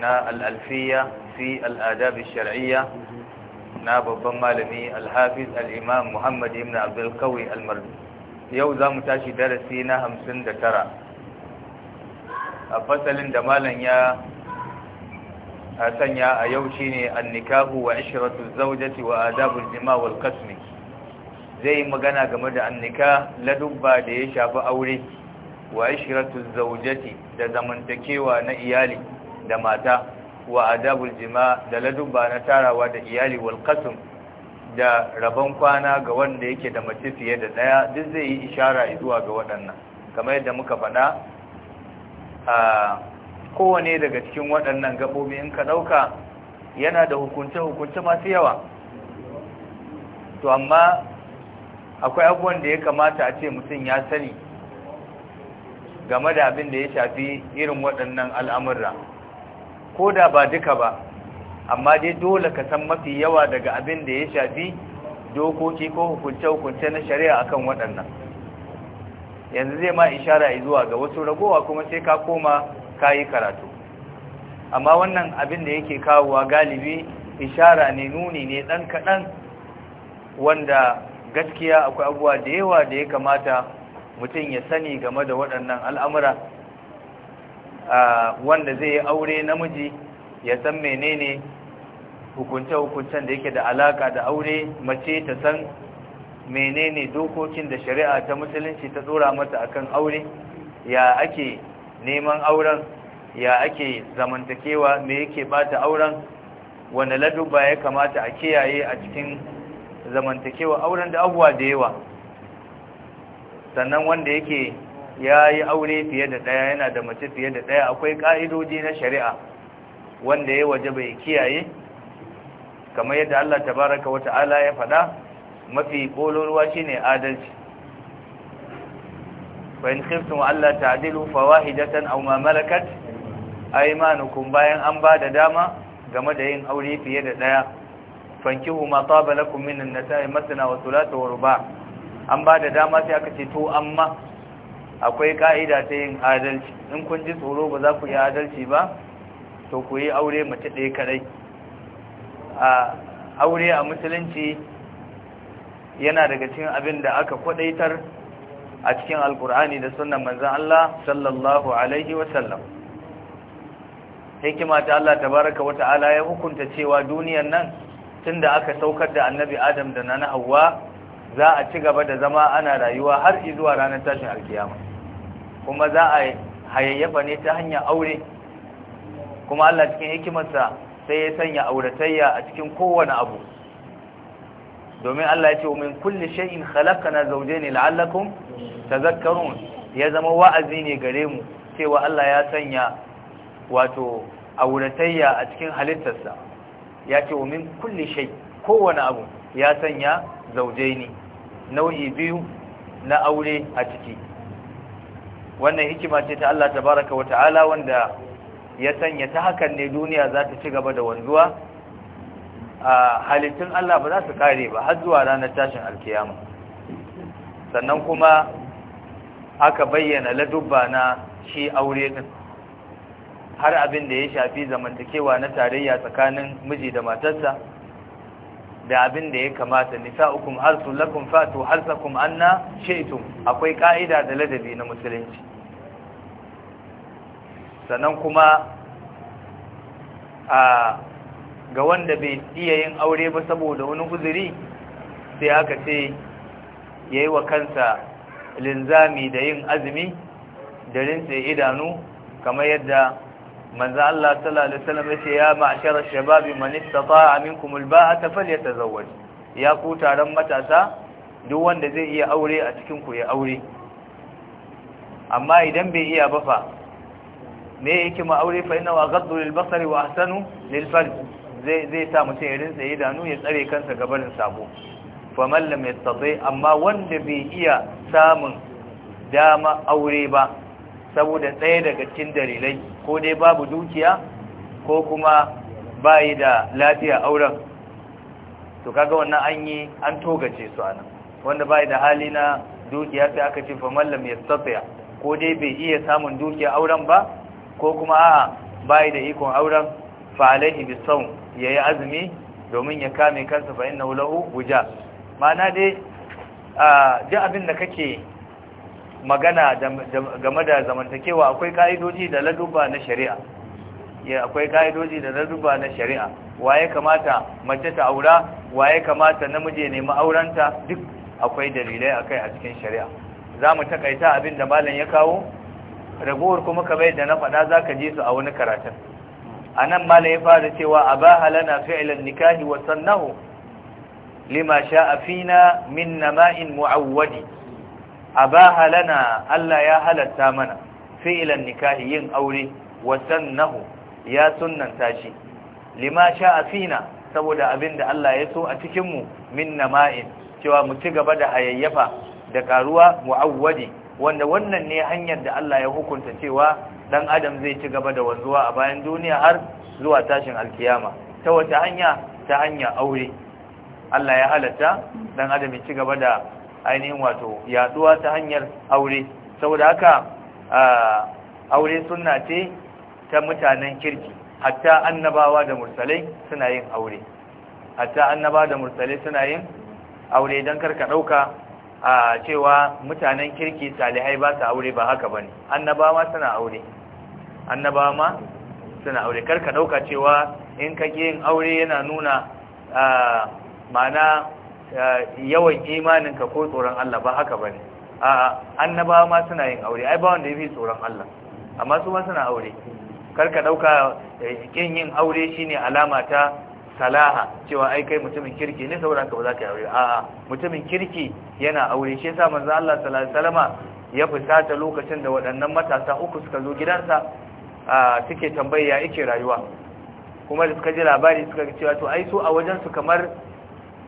na al'alfiya fi al'adabi shar'iyya na babban malami alhafiz al'imam muhammad ibn abdulkawi almardu yau za mu tashi darasi na hamsin da tara a fasalin da malam ya sanya a yau shine annikahu wa ishiratu zaujati wa adabul jima wal zai yi magana game da annika ladubba da ya shafi aure wa zaujati da zamantakewa na iyali da mata wa adabul jima da ladubba na tarawa da iyali wal qasm da rabon kwana ga wanda yake da mace fiye da daya duk zai yi ishara zuwa ga waɗannan kamar yadda muka faɗa a kowane daga cikin waɗannan gabobi in ka ɗauka yana da hukunce-hukunce masu yawa to amma akwai abubuwan da ya kamata a ce mutum ya sani game da abin da ya shafi irin waɗannan al'amurra ko da ba duka ba amma dai dole ka san mafi yawa daga abin da ya shafi dokoki ko hukunce-hukunce na shari'a akan waɗannan yanzu zai ma ishara zuwa ga wasu ragowa kuma sai ka koma ka yi karatu amma wannan abin da yake kawowa galibi ishara ne nuni ne ɗan kaɗan wanda gaskiya akwai abubuwa da yawa da ya kamata mutum ya sani game da waɗannan al'amura wanda zai yi aure namiji ya san menene hukunce-hukuncen da yake da alaka da aure mace ta san menene dokokin da shari'a ta musulunci ta tsora mata akan aure ya ake neman auren ya ake zamantakewa me yake bata auren wanda laduba ya kamata a kiyaye a cikin zamantakewa auren da abuwa da yawa sannan wanda yake ya yi aure fiye da ɗaya yana da mace fiye da ɗaya akwai ƙa'idoji na shari'a wanda ya waje bai kiyaye kamar yadda Allah tabaraka wa ta'ala ya faɗa mafi ƙololuwa shine adalci fa in khiftum alla ta'dilu fawahidatan aw ma malakat manukun bayan an ba da dama game da yin aure fiye da ɗaya fanki ma taba lakum minan na sa'in wa wasu latuwar ba. an ba da dama sai aka ce to amma akwai ka'ida ta yin adalci in kun ji tsoro ba za ku yi adalci ba to ku yi aure mace ɗaya kadai a aure a musulunci yana daga cikin abin da aka kwadaitar a cikin alkur'ani da sunan manzan Allah sallallahu alaihi wasallam hikima ta Allah tabaraka wa ta'ala ya hukunta cewa duniyan nan tun da aka saukar da annabi Adam da nana Hawwa za a ci gaba da zama ana rayuwa har zuwa ranar tashin alkiyama kuma za a hayayyafa ne ta hanyar aure kuma Allah cikin hikimarsa sai ya sanya auratayya a cikin kowane abu domin Allah ya ce wa min kulli shay'in khalaqna zawjayn la'allakum tadhakkarun ya zama wa'azi ne gare mu cewa Allah ya sanya wato auratayya a cikin halittarsa ya ce wa min kulli shay kowane abu ya sanya zawjayni nau'i biyu na aure a ciki wannan hikima ce ta Allah tabaraka wa ta'ala wanda ya sanya ta hakan ne duniya za ta ci gaba da wanzuwa a halittun Allah ba za su kare ba har zuwa ranar tashin alkiyama sannan kuma aka bayyana ladubba na shi aure din har abin da ya shafi zamantakewa na tarayya tsakanin miji da matarsa da abin da ya kamata nisa ukun harsul lakum fatu harsakun anna shaytum akwai ka'ida da ladabi na musulunci sannan kuma a ga wanda bai iya yin aure ba saboda wani uzuri sai aka ce yayi wa kansa linzami da yin azumi da rinse idanu kamar yadda manzo Allah sallallahu alaihi wasallam yace ya ma'shar shabab man istata'a minkum alba'ata falyatazawwaj ya ku taron matasa duk wanda zai iya aure a cikin ku ya aure amma idan bai iya ba fa me yake ma aure fa inna aghaddu lilbasari wa ahsanu lilfarj zai zai sa mutum ya rinsa danu ya tsare kansa gabarin sabo faman lam yastati amma wanda bai iya samun dama aure ba saboda ɗaya daga cikin dalilai ko dai babu dukiya ko kuma bayi da lafiya auren to kaga wannan an yi an togace su anan wanda bayi da hali na dukiya sai aka ce famallam ya yastatiya ko dai bai iya samun dukiya auren ba ko kuma a'a bayi da ikon auren fa alaihi ya yayi azumi domin ya kame kansa fa innahu lahu wuja ma'ana dai a ji abin da kake magana game da zamantakewa akwai ka'idoji da laduba na shari'a ya akwai ka'idoji da laduba na shari'a waye kamata mace ta aura waye kamata namiji ne ma'auranta duk akwai dalilai akai a cikin shari'a za mu takaita abin da malam ya kawo ragowar kuma kamar da na faɗa za ka ji su a wani karatun a nan malam ya fara cewa a ba halana fi'ilan nikahi wa sannahu lima sha'a fina min nama'in mu'awwadi A ba halana Allah ya halatta mana fiilan nikahi yin aure wa sannahu ya sunnanta shi lima sha'a fina saboda da Allah ya so a cikin mu min nama'in cewa mu ci gaba da hayayyafa da karuwa mu'awwadi wanda wannan ne hanyar da Allah ya hukunta cewa dan adam zai ci gaba da wanzuwa a bayan duniya har zuwa tashin alkiyama ta wata hanya ta hanya aure Allah ya halatta dan adam ya ci gaba da ainihin wato yaduwa ta hanyar aure saboda haka aure sunna ce ta mutanen kirki hatta annabawa da mursalai suna yin aure hatta annaba da mursalai suna yin aure don karka ɗauka a cewa mutanen kirki salihai ba su aure ba haka bane annabawa suna aure annabawa ma suna aure karka ɗauka cewa in kake yin aure yana nuna ma'ana yawan imaninka ko tsoron Allah ba haka bane a'a annabawa ma suna yin aure ai ba wanda yafi tsoron Allah amma su ma suna aure karka dauka kin eh, yin aure shine alama ta salaha cewa ai kai mutumin kirki ne saboda ka ba za ka yi aure a'a mutumin kirki yana aure shi yasa manzo Allah sallallahu alaihi wasallam ya fusata lokacin da waɗannan matasa uku suka zo gidansa suke tambaya yake rayuwa kuma da suka ji labari suka ga cewa to ai su a wajen su kamar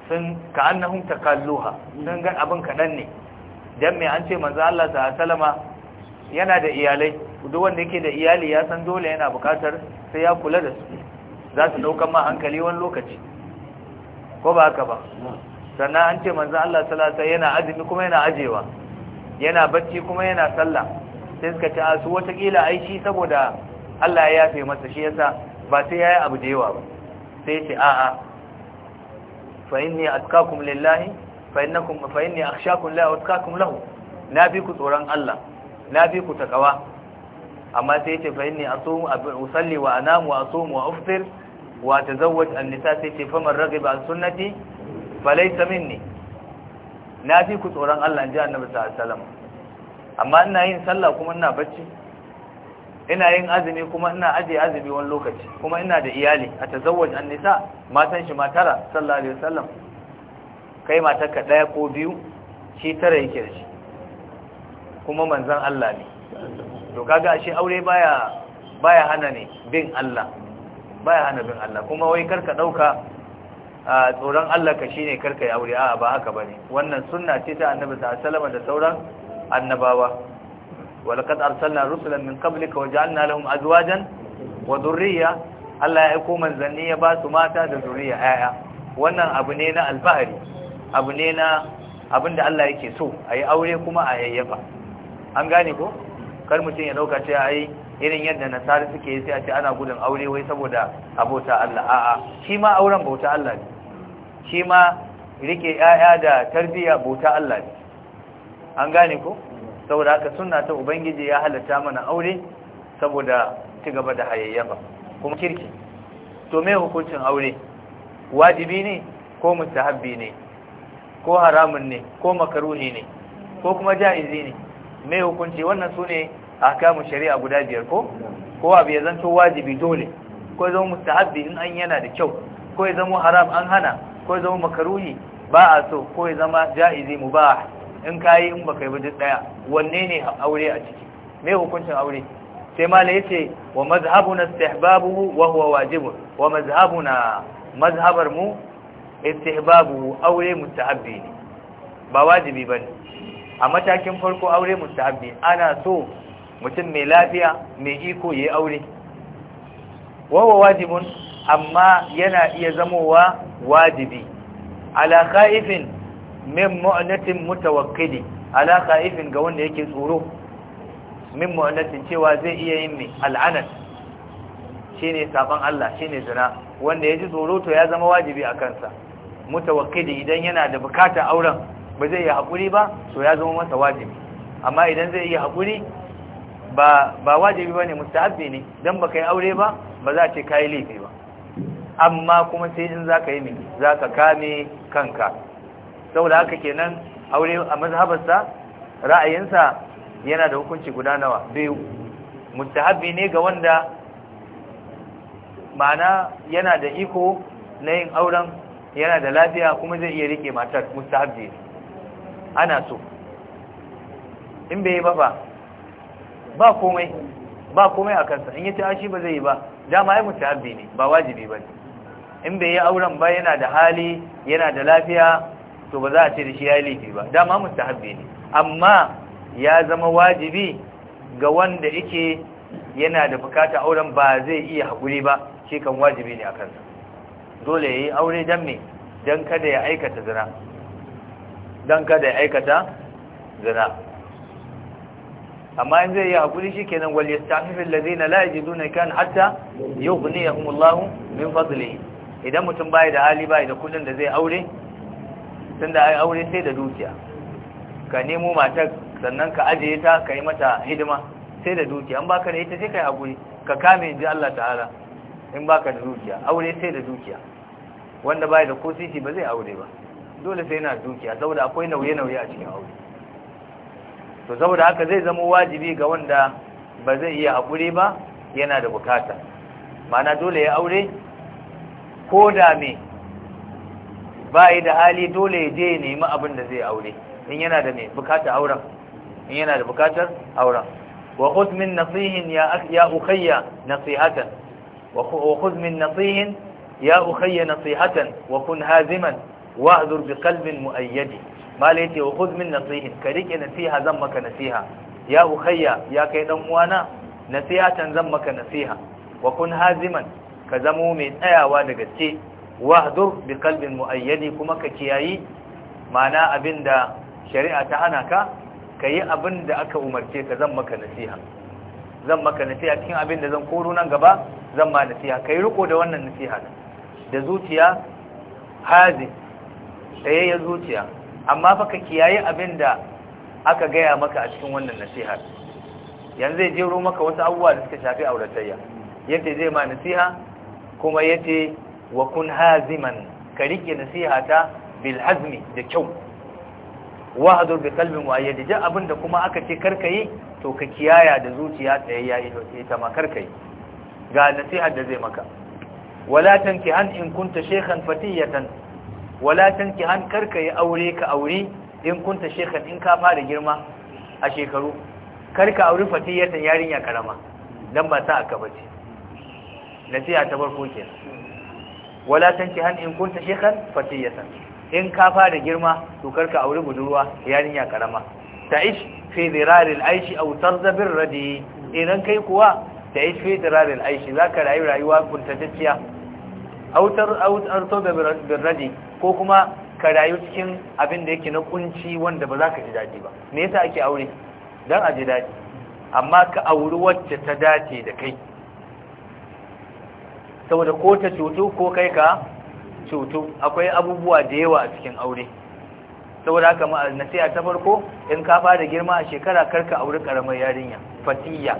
sun ka annahum takalluha sun ga abin kaɗan ne dan mai an ce manzo Allah ta Salama yana da iyalai duk wanda yake da iyali ya san dole yana bukatar sai ya kula da su za su dauka ma hankali wani lokaci ko ba haka ba sannan an ce manzo Allah sallallahu yana azumi kuma yana ajewa yana bacci kuma yana sallah sai suka ce su wata kila aiki saboda Allah ya yafe masa shi yasa ba sai yayi abu da yawa ba sai ce a'a fa inni atqakum lillahi fa innakum fa inni akhshakum la lahu na bi ku tsoron Allah na bi ku takawa amma sai yace fa inni asumu usalli wa anamu wa asumu wa uftir wa tazawwaj an-nisa sai yace fa man raghiba an sunnati falaysa minni na bi ku tsoron Allah amma ina yin sallah kuma ina barci. ina yin azumi kuma ina aje azumi wani lokaci kuma ina da iyali a tazawwaj an nisa matan shi ma tara sallallahu alaihi wasallam kai matarka daya ko biyu shi tara yake da shi kuma manzon Allah ne to kaga shi aure baya baya hana ne bin Allah baya hana bin Allah kuma wai karka dauka a tsoron Allah ka shine karka yi aure a'a ba haka bane wannan sunna ce ta Annabi sallallahu alaihi wasallam da sauran annabawa walaqad arsalna rusulan min qablika wa ja'alna lahum azwajan wa zurriya? Allah ya aiko manzanni ya ba su mata da zurriya. Yaya wannan abu ne na alfahari abu ne na abinda Allah yake so ayi aure kuma a yayyafa an gane ko kar mutum ya dauka cewa ai irin yadda nasara suke yi sai a ce ana gudun aure wai saboda abota Allah a'a shi ma auren bauta Allah ne shi ma rike 'ya'ya da tarbiyya bauta Allah ne an gane ko saboda haka suna ta ubangiji ya halatta mana aure saboda ci gaba da hayayyafa kuma kirki to me hukuncin aure wajibi ne ko mustahabbi ne ko haramun ne ko makaruni ne ko kuma ja'izi ne me hukunci wannan su ne a kamun shari'a guda biyar ko ko abu ya zanto wajibi dole ko zama mustahabbi in an yana da kyau ko ya zama haram an hana ko ya zama makaruni? ba a so ko ya zama ja'izi mubah in ka yi in ba kai ba duk ɗaya wanne ne aure a ciki me hukuncin aure sai ma ya ce wa na istihbabu wa huwa wajibu wa na mazhabar mu istihbabu aure mustahabbi ne ba wajibi ba ne. a matakin farko aure mustahabbi ana so mutum mai lafiya mai iko yi aure wa huwa wajibun amma yana iya zamowa wajibi ala khaifin min mu'annatin mutawakkili ala khaifin ga wanda yake tsoro min mu'annatin cewa zai iya yin ne al'anat shine saban Allah shine zina wanda ya ji tsoro to ya zama wajibi a kansa mutawakkili idan yana da bukata auren ba zai yi hakuri ba to ya zama masa wajibi amma idan zai yi hakuri, ba ba wajibi bane mustahabbi ne dan baka yi aure ba ba za ce kai laifi ba amma kuma sai in zaka yi ne zaka kame kanka saboda haka kenan aure a mazhabarsa ra'ayinsa yana da hukunci guda nawa biyu mustahabi ne ga wanda mana yana da iko na yin auren yana da lafiya kuma zai iya rike matar mustahabi ne ana so in bai yi ba ba ba komai ba komai a kansa in yi ta shi ba zai yi ba dama ya mustahabi ne ba wajibi ba in bai yi auren ba yana da hali yana da lafiya to ba za a ce da shi ya yi laifi ba dama mustahabbi ne amma ya zama wajibi ga wanda yake yana da bukata auren ba zai iya haƙuri ba shi kan wajibi ne a kansa dole ya yi aure don me don kada ya aikata zina don kada ya aikata zina amma in zai yi haƙuri shi kenan wal yastafifin lazina la yajiduna kan hatta yughniyahum Allah min fadlihi idan mutum bai da hali bai da kudin da zai aure da ai aure sai da dukiya ka nemo matar sannan ka ajiye ta ka yi mata hidima sai da dukiya an baka da ita sai ka yi haƙuri ka kame in ji Allah ta'ala in baka da dukiya aure sai da dukiya wanda bai da kosisi ba zai aure ba dole sai yana dukiya saboda akwai nauye-nauye a cikin aure to saboda haka zai zama wajibi ga wanda ba zai iya haƙuri ba yana da bukata mana dole ya aure ko da me ba yi da hali dole ya je ya nemi abin da zai aure in yana da mai bukatar auren in yana da bukatar auren wa khudh min nasihin ya ya ukhayya nasihatan wa khudh min nasihin ya ukhayya nasihatan wa kun haziman wa'zur bi qalbin mu'ayyad mala yace wa khudh min nasihin ka rike nasiha zan maka nasiha ya ukhayya ya kai dan uwana nasihatan zan maka nasiha wa kun haziman ka zamo mai tsayawa da gaske wahdur bi qalbin muayyadi kuma ka kiyayi mana abinda shari'a ta hana ka kayi abinda aka umarce ka zan maka nasiha zan maka nasiha cikin abinda zan koro nan gaba zan ma nasiha kai riko da wannan nasiha da zuciya hazi ya zuciya amma fa ka kiyayi abinda aka gaya maka a cikin wannan nasiha yanzu zai jero maka wasu abubuwa da suka shafi auratayya yace zai ma nasiha kuma yace wa kun haziman ka rike ta bil azmi da kyau wahdur bi qalbin muayyad ja abinda kuma aka ce karka yi to ka kiyaya da zuciya tsayayya ita ma karka yi ga nasiha da zai maka wala han in kunta shaykhan fatiyatan wala tankihan karka yi aure ka aure in kunta shaykhan in ka fara girma a shekaru karka aure fatiyatan yarinya karama dan ba ta aka bace nasiha ta farko kenan wala tankihan in kunta shaykhan fatiyatan in ka fara girma to karka aure budurwa yarinya karama ta'ish fi diraril aishi aw tarzabir radi idan kai kuwa ta'ish fi diraril aishi zaka rayu rayuwa kuntatacciya aw tar aw tarzabir radi ko kuma ka rayu cikin abin da yake na kunci wanda ba za ka ji daɗi ba me yasa ake aure dan a ji daɗi amma ka auri wacce ta dace da kai saboda ko ta cutu ko kai ka cutu akwai abubuwa da yawa a cikin aure saboda haka ma a ta farko in ka fara girma a shekara karka aure karamar yarinya fatiya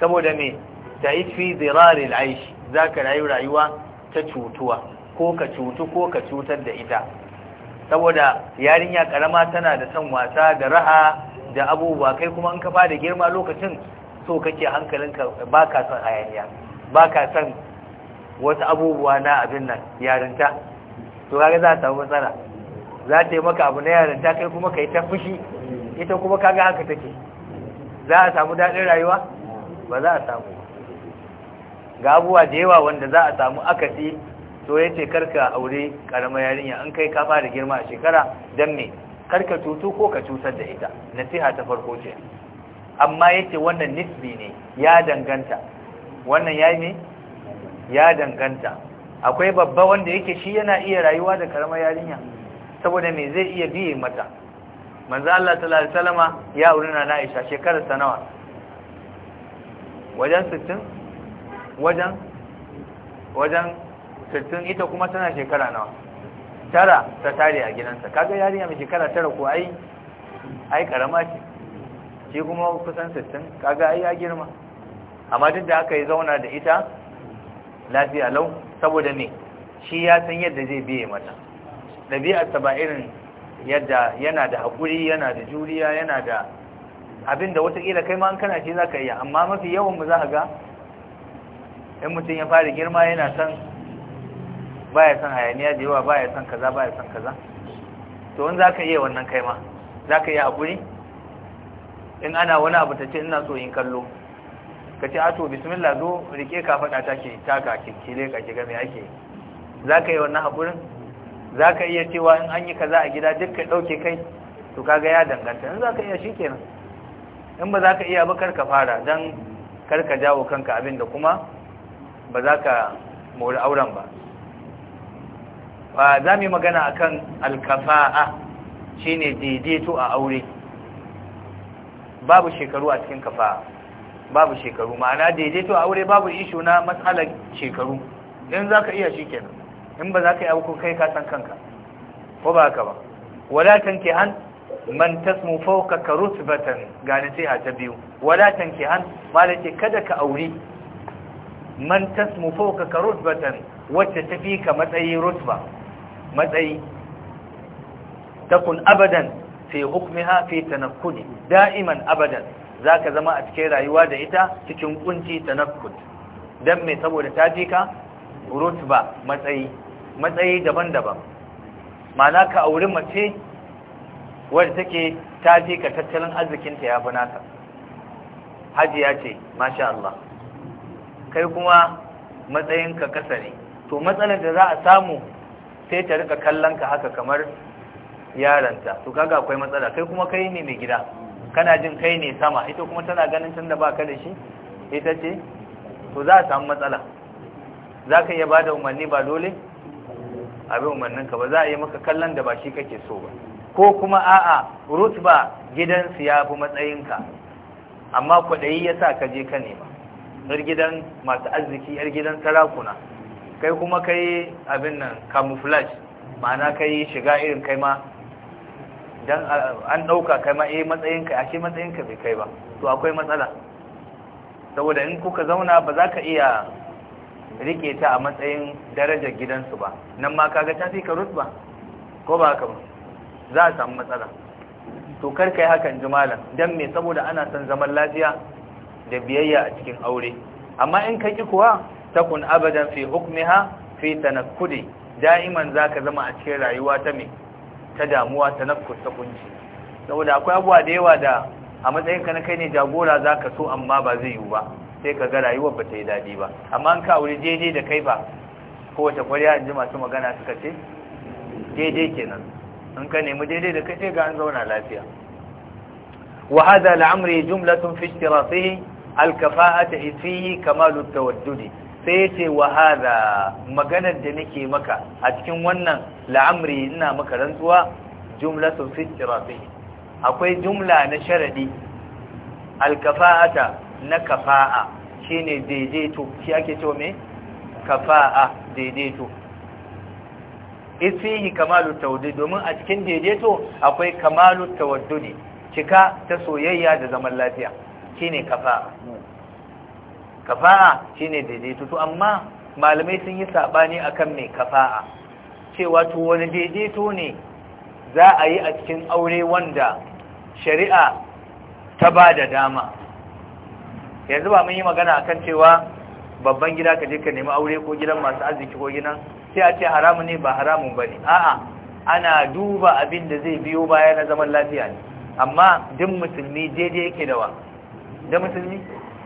saboda me ta yi fi zirarin aishi za ka rayu rayuwa ta cutuwa ko ka cutu ko ka cutar da ita saboda yarinya karama tana da son wasa da ra'a da abubuwa kai kuma in ka fara girma lokacin so kake hankalinka ba ka son hayaniya ba ka son wasu abubuwa na abin nan yarinta to kaga za ta matsala za ta yi maka abu na yarinta kai kuma kai ta fushi ita kuma kaga haka take za a samu daɗin rayuwa ba za a samu ga abubuwa da yawa wanda za a samu akasi to ya ce karka aure karama yarinya an kai ka fara girma a shekara don me karka cutu ko ka cutar da ita nasiha ta farko ce amma yace wannan nisbi ne ya danganta wannan yayi ne ya danganta akwai babba wanda yake shi yana iya rayuwa da karamar yarinya saboda me zai iya biye mata manzo Allah sallallahu alaihi wasallama ya urina na Aisha shekarar sanawa nawa wajen 60 wajen wajen 60 ita kuma tana shekara nawa tara ta tare a gidansa kaga yarinya mai shekara tara ko ai ai karama ce shi kuma kusan 60 kaga ai ya girma amma duk da aka yi zauna da ita lafiya lau saboda ne shi ya san yadda zai biye mata ɗabi'arsa ba irin yadda yana da haƙuri yana da juriya yana da abinda watakila kai ma an kana shi za ka iya amma mafi yawan mu za a ga in mutum ya fara girma yana san ya san hayaniya da yawa ba ya san kaza ba ya san kaza to in za ka iya wannan kai ma za ka iya haƙuri in ana wani abu ta ce ina so yin kallo ka ce ato bismillah zo rike ka faɗa ta ke taka kinkile ka kiga mai ake za ka yi wannan haƙurin za ka iya cewa in an yi kaza a gida duk ka ɗauke kai to kaga ya danganta in za ka iya shi kenan in ba za ka iya ba karka fara don karka jawo kanka abin da kuma ba za ka mori auren ba za mu yi magana akan alkafa'a shine daidaito a aure babu shekaru a cikin kafa'a babu shekaru ma'ana daidaito a aure babu ishu na matsalar shekaru in za ka iya shi kenan in ba za ka yi abu kai ka san kanka ko ba ka ba wala tanke han man tasmu fawka ka rutbatan ga nasiha ta biyu wala tanke han malaki kada ka aure man tasmu fawka ka rutbatan wacce ta fi ka matsayi rutba matsayi takun abadan fi hukmiha fi tanakkudi da'iman abadan Za ka zama a cikin rayuwa da ita cikin kunci nafkut don me saboda ta ji ka rutba matsayi matsayi daban-daban Mana ka auri mace wadda take ta ji ka tattalin arzikinta ya fi naka hajiya ce masha Allah kai kuma matsayinka kasa ne to matsalar da za a samu sai ta rika kallon ka haka kamar yaranta to kaga akwai matsala kai kuma kai ne mai gida kana jin kai ne sama ita kuma tana ganin tun da baka da shi ita ce to za a samu matsala za ka iya ba da umarni ba dole abin umarninka ba za a yi maka kallon da ba shi kake so ba ko kuma a'a ba gidan gidansu ya fi matsayinka amma kwaɗayi ya sa ka je ka nema yar gidan masu arziki yar gidan sarakuna kai kuma kai abin nan camouflage ma'ana kai shiga irin kai ma Idan an ɗauka kai ma eh matsayinka ashe matsayinka bai kai ba to akwai matsala saboda in kuka zauna ba za ka iya rike ta a matsayin darajar gidansu ba nan ma kaga ta fi ka rutba ko ba haka ba za a samu matsala to kar kai hakan jimalan dan me saboda ana son zaman lafiya da biyayya a cikin aure amma in ka ki kuwa takun abadan fi hukmiha fi tanakkudi da'iman zaka zama a cikin rayuwa ta me ta damuwa ta nakkus ta kunci saboda akwai abuwa da yawa da a matsayinka na kai ne jagora za ka so amma ba zai yiwu ba sai ka ga rayuwar ba ta yi daɗi ba amma an ka wuri daidai da kai ba kowace kwarya in ji masu magana suka ce daidai kenan in ka nemi daidai da kai sai ga an zauna lafiya wahada hadha jumla amri jumlatun sai ishtiratihi al-kafa'ati kamalu tawaddudi sai ya ce wa hada maganar da nake maka a cikin wannan la'amri ina maka rantsuwa Jumla fi tirafi akwai jumla na sharaɗi. alkafa'ata na kafa'a shine daidaito shi ake cewa mai kafa'a daidaito isfihi kamalu tawdi domin a cikin daidaito akwai kamalu tawaddudi cika ta soyayya da zaman lafiya Shi ne kafa'a kafa'a shine daidaito to amma malamai sun yi sabani akan mai kafa'a cewa to wani daidaito ne za a yi a cikin aure wanda shari'a ta ba da dama yanzu ba mun yi magana akan cewa babban gida ka je ka nemi aure ko gidan masu arziki ko gidan sai a ce haramun ne ba haramun bane a'a ana duba abin da zai biyo baya na zaman lafiya ne amma duk musulmi daidai yake da da musulmi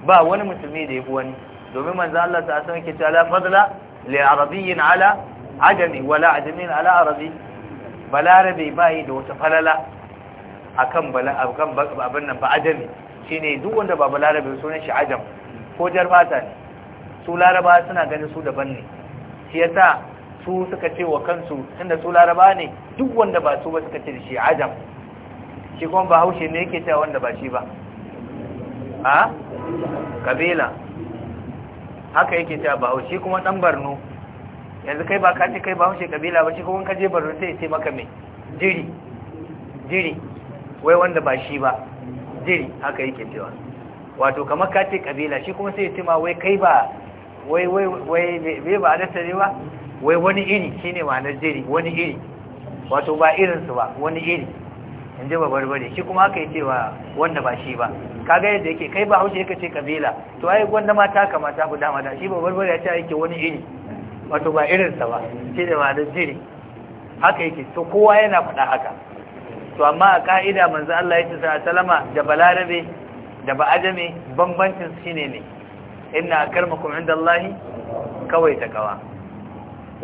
ba wani musulmi da yafi wani domin manzo Allah ta san ke ta la fadla li arabiyyin ala ajami wala ajamin ala arabi balarabe bai da wata falala akan bala akan abin nan ba ajami shine duk wanda ba balarabe sunan shi ajam ko jarbata ne su laraba suna ganin su daban ne shi yasa su suka ce wa kansu tunda su laraba ne duk wanda ba su ba suka ce da shi ajam shi kuma ba haushe ne yake cewa wanda ba shi ba a kabila haka yake ta bahaushe kuma dan barno yanzu kai ba ka ce kai bahaushe kabila ba shi kuma ka je barno sai sai maka mai jiri jiri wai wanda ba shi ba jiri haka yake cewa wato kamar ka ce kabila shi kuma sai ya ce ma wai kai ba wai wai wai ba da tare ba wai wani iri shine ma'anar jiri wani iri wato ba irin su ba wani iri in ji babar bare shi kuma aka yi cewa wanda ba shi ba kaga yadda yake kai ba haushe yake ce kabila to ai wanda ma ta kamata ku dama da shi babar bare ya ce yake wani iri wato ba irinsa ba ce da ba da jiri haka yake to kowa yana faɗa haka to amma a ka'ida manzo Allah ya ce sa salama da balarabe da ba'ajame bambancin shine ne inna akramakum indallahi kawai takawa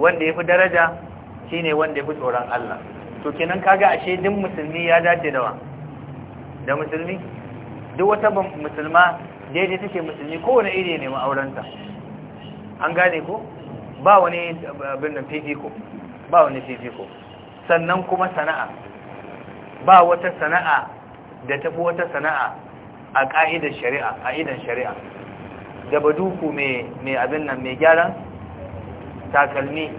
wanda yafi daraja shine wanda yafi tsoron Allah to kenan kaga ashe duk musulmi ya dace da wa da musulmi duk wata musulma daidai take musulmi kowane iri ne ma'auranta an gane ko ba wani abin nan fifiko ba wani fifiko sannan kuma sana'a ba wata sana'a da tafi wata sana'a a ka'idar shari'a a idan shari'a da baduku mai abin nan mai gyaran takalmi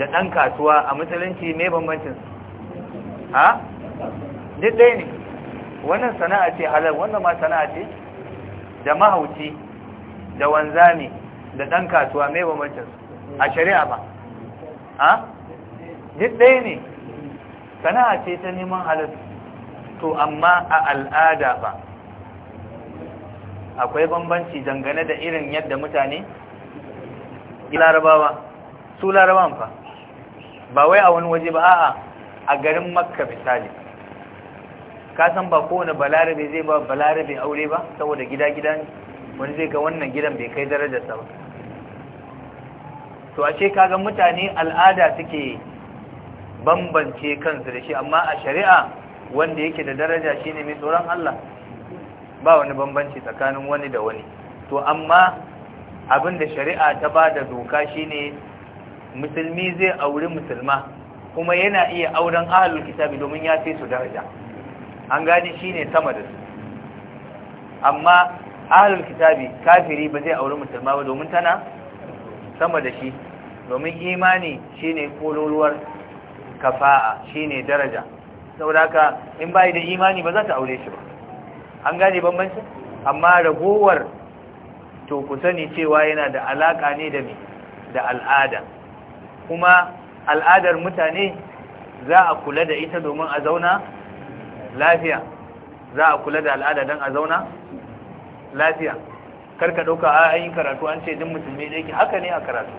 da ɗan kasuwa a musulunci mai bambancin ha duk ɗaya ne wannan sana'a ce halal wannan ma sana'a ce da mahauci da wanzami da ɗan kasuwa mai bambancin a shari'a ba ha duk ɗaya ne sana'a ce ta neman halal to amma a al'ada ba akwai bambanci dangane da irin yadda mutane larabawa su larabawan fa ba wai a wani waje ba a'a a garin makka misali ka san ba kowane balarabe zai ba balarabe aure ba saboda gida-gida wani zai ga wannan gidan bai kai darajarsa ba to ashe ga mutane al'ada suke bambance kansu da shi amma a shari'a wanda yake da daraja shine mai tsoron Allah ba wani bambanci tsakanin wani da wani to amma abin da shari'a ta ba da doka shine musulmi zai auri musulma kuma yana iya auren ahalul kitabi domin ya fi su daraja an gani shine sama da su amma ahalul kitabi kafiri ba zai auri musulma ba domin tana sama da shi domin imani shine kololuwar kafa'a shine daraja saboda haka in bai da imani ba za ta aure shi ba an gane bambanci amma ragowar to ku sani cewa yana da alaka ne da mi da al'ada kuma al'adar mutane za a kula da ita domin a zauna lafiya za a kula da al'ada don a zauna lafiya karka ɗauka a yi karatu an ce din musulmi ne yake haka ne a karatu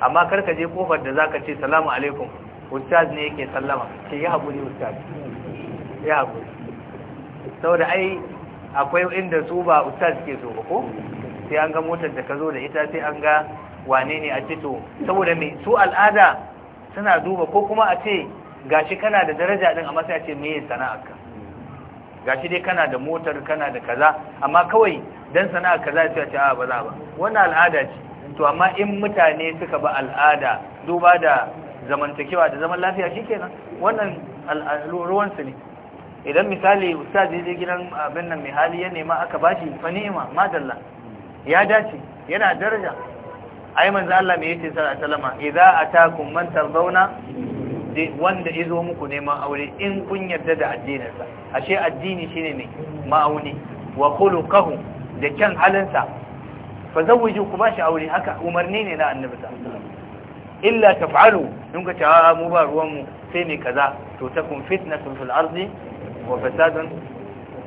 amma karka je kofar da zaka ce salamu alaikum ustaz ne yake sallama ce ya haƙuri ustaz ya haƙuri saboda ai akwai inda su ba ustaz ke so ba ko sai an ga motar da ka zo da ita sai an ga wane ne a cito saboda mai su al'ada suna duba ko kuma a ce gashi kana da daraja din amma sai a ce me yin sana'arka gashi dai kana da motar kana da kaza amma kawai dan sana'a kaza sai a ce a ah, ba za ba wannan al'ada ce to amma in mutane suka ba al'ada duba da zamantakewa da zaman lafiya shi kenan wannan ruwan su ne idan misali ustaz je gidan abin nan mai hali ya nema aka bashi fa ni'ima madalla ya dace yana daraja ai manzo Allah me yace sallallahu alaihi wasallama idza atakum man tardawna wanda yazo muku neman aure in kun yarda da addininsa ashe addini shine ne ma'auni wa khuluquhu da kyan halinsa fa zawwiju ku bashi aure haka umarni ne na annabi illa taf'alu in ka ta mu ba ruwan mu sai ne kaza to takun fitnatun fil ardi wa fasadun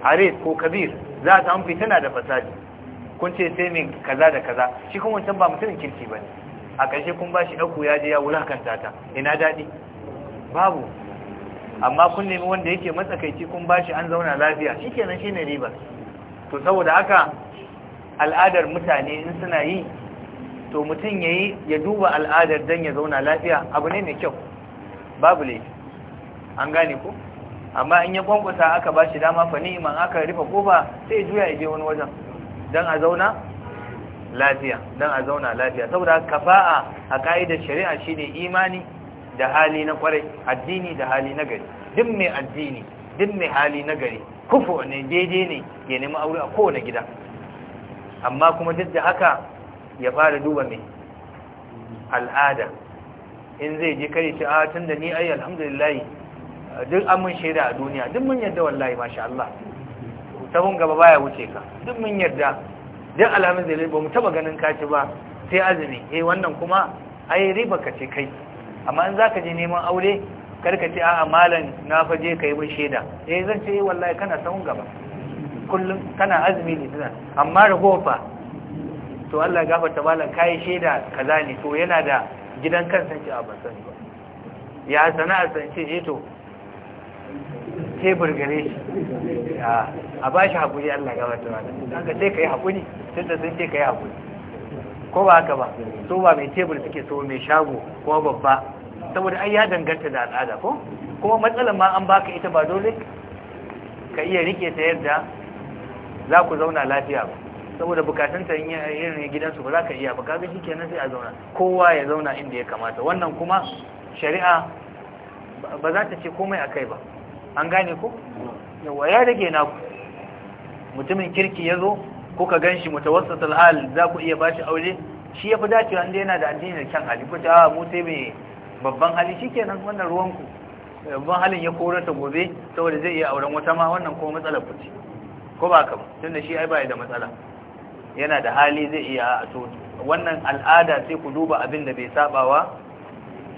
arid ko kabir za ta amfi tana da fasadi kun ce sai min kaza da kaza shi kuma wancan ba mutumin kirki ba ne a ƙarshe kun ba shi ɗauku ya je ya wulakanta ta ina daɗi babu amma kun nemi wanda yake matsakaici kun ba shi an zauna lafiya shi nan shi ne riba to saboda haka al'adar mutane in suna yi to mutum ya yi ya duba al'adar don ya zauna lafiya abu ne mai kyau babu laifi an gane ku amma in ya kwankwasa aka ba shi dama fa ni'iman aka rufe kofa sai juya ya je wani wajen dan a zauna lafiya dan a zauna lafiya saboda kafa'a a ka'idar shari'a shine imani da hali na kwarai addini da hali na gari duk mai addini duk mai hali na gari kufu ne daidai ne ya nemi aure a kowane gida amma kuma duk da haka ya fara duba mai al'ada in zai je kare ce a ah, tun da ni ai alhamdulillah duk amin shaida a duniya duk mun yadda wallahi masha Allah sahun gaba baya wuce ka duk mun yarda duk alamun zai ba mu taba ganin kaci ba sai azumi eh wannan kuma ai riba ka ce kai amma in zaka je neman aure karka ce a'a malam na faje kai mun sheda eh zan ce eh, wallahi kana sahun gaba kullum kana azumi ne tana amma rahofa to Allah gafarta malam kai shaida kaza ne to yana da gidan kansa ce a ban ba ya sana'a san ce eh to tebur gare shi a ba shi haƙuri Allah ya wata wani daga sai ka yi haƙuri da sun ce ka yi haƙuri ko ba haka ba so ba mai tebur suke so mai shago ko babba saboda ai ya danganta da al'ada ko kuma matsalar ma an baka ita ba dole ka iya rike ta yadda za ku zauna lafiya ba saboda bukatun ta irin gidansu ba za ka iya ba kaga shi kenan sai a zauna kowa ya zauna inda ya kamata wannan kuma shari'a ba za ta ce komai a kai ba an gane ku yawa ya rage naku mutumin kirki ya zo kuka gan shi mutawassatul hal za ku iya bashi aure shi ya fi dacewa inda yana da addinin da kyan hali ku ta ah, mu sai mai babban hali kenan wannan ruwanku babban halin ya koro ta gobe saboda zai iya auren wata ma wannan ko matsalar ku ce ko ba ba tunda shi ai ba da matsala yana da hali zai iya a ah, to wannan al'ada sai ku duba abin da bai sabawa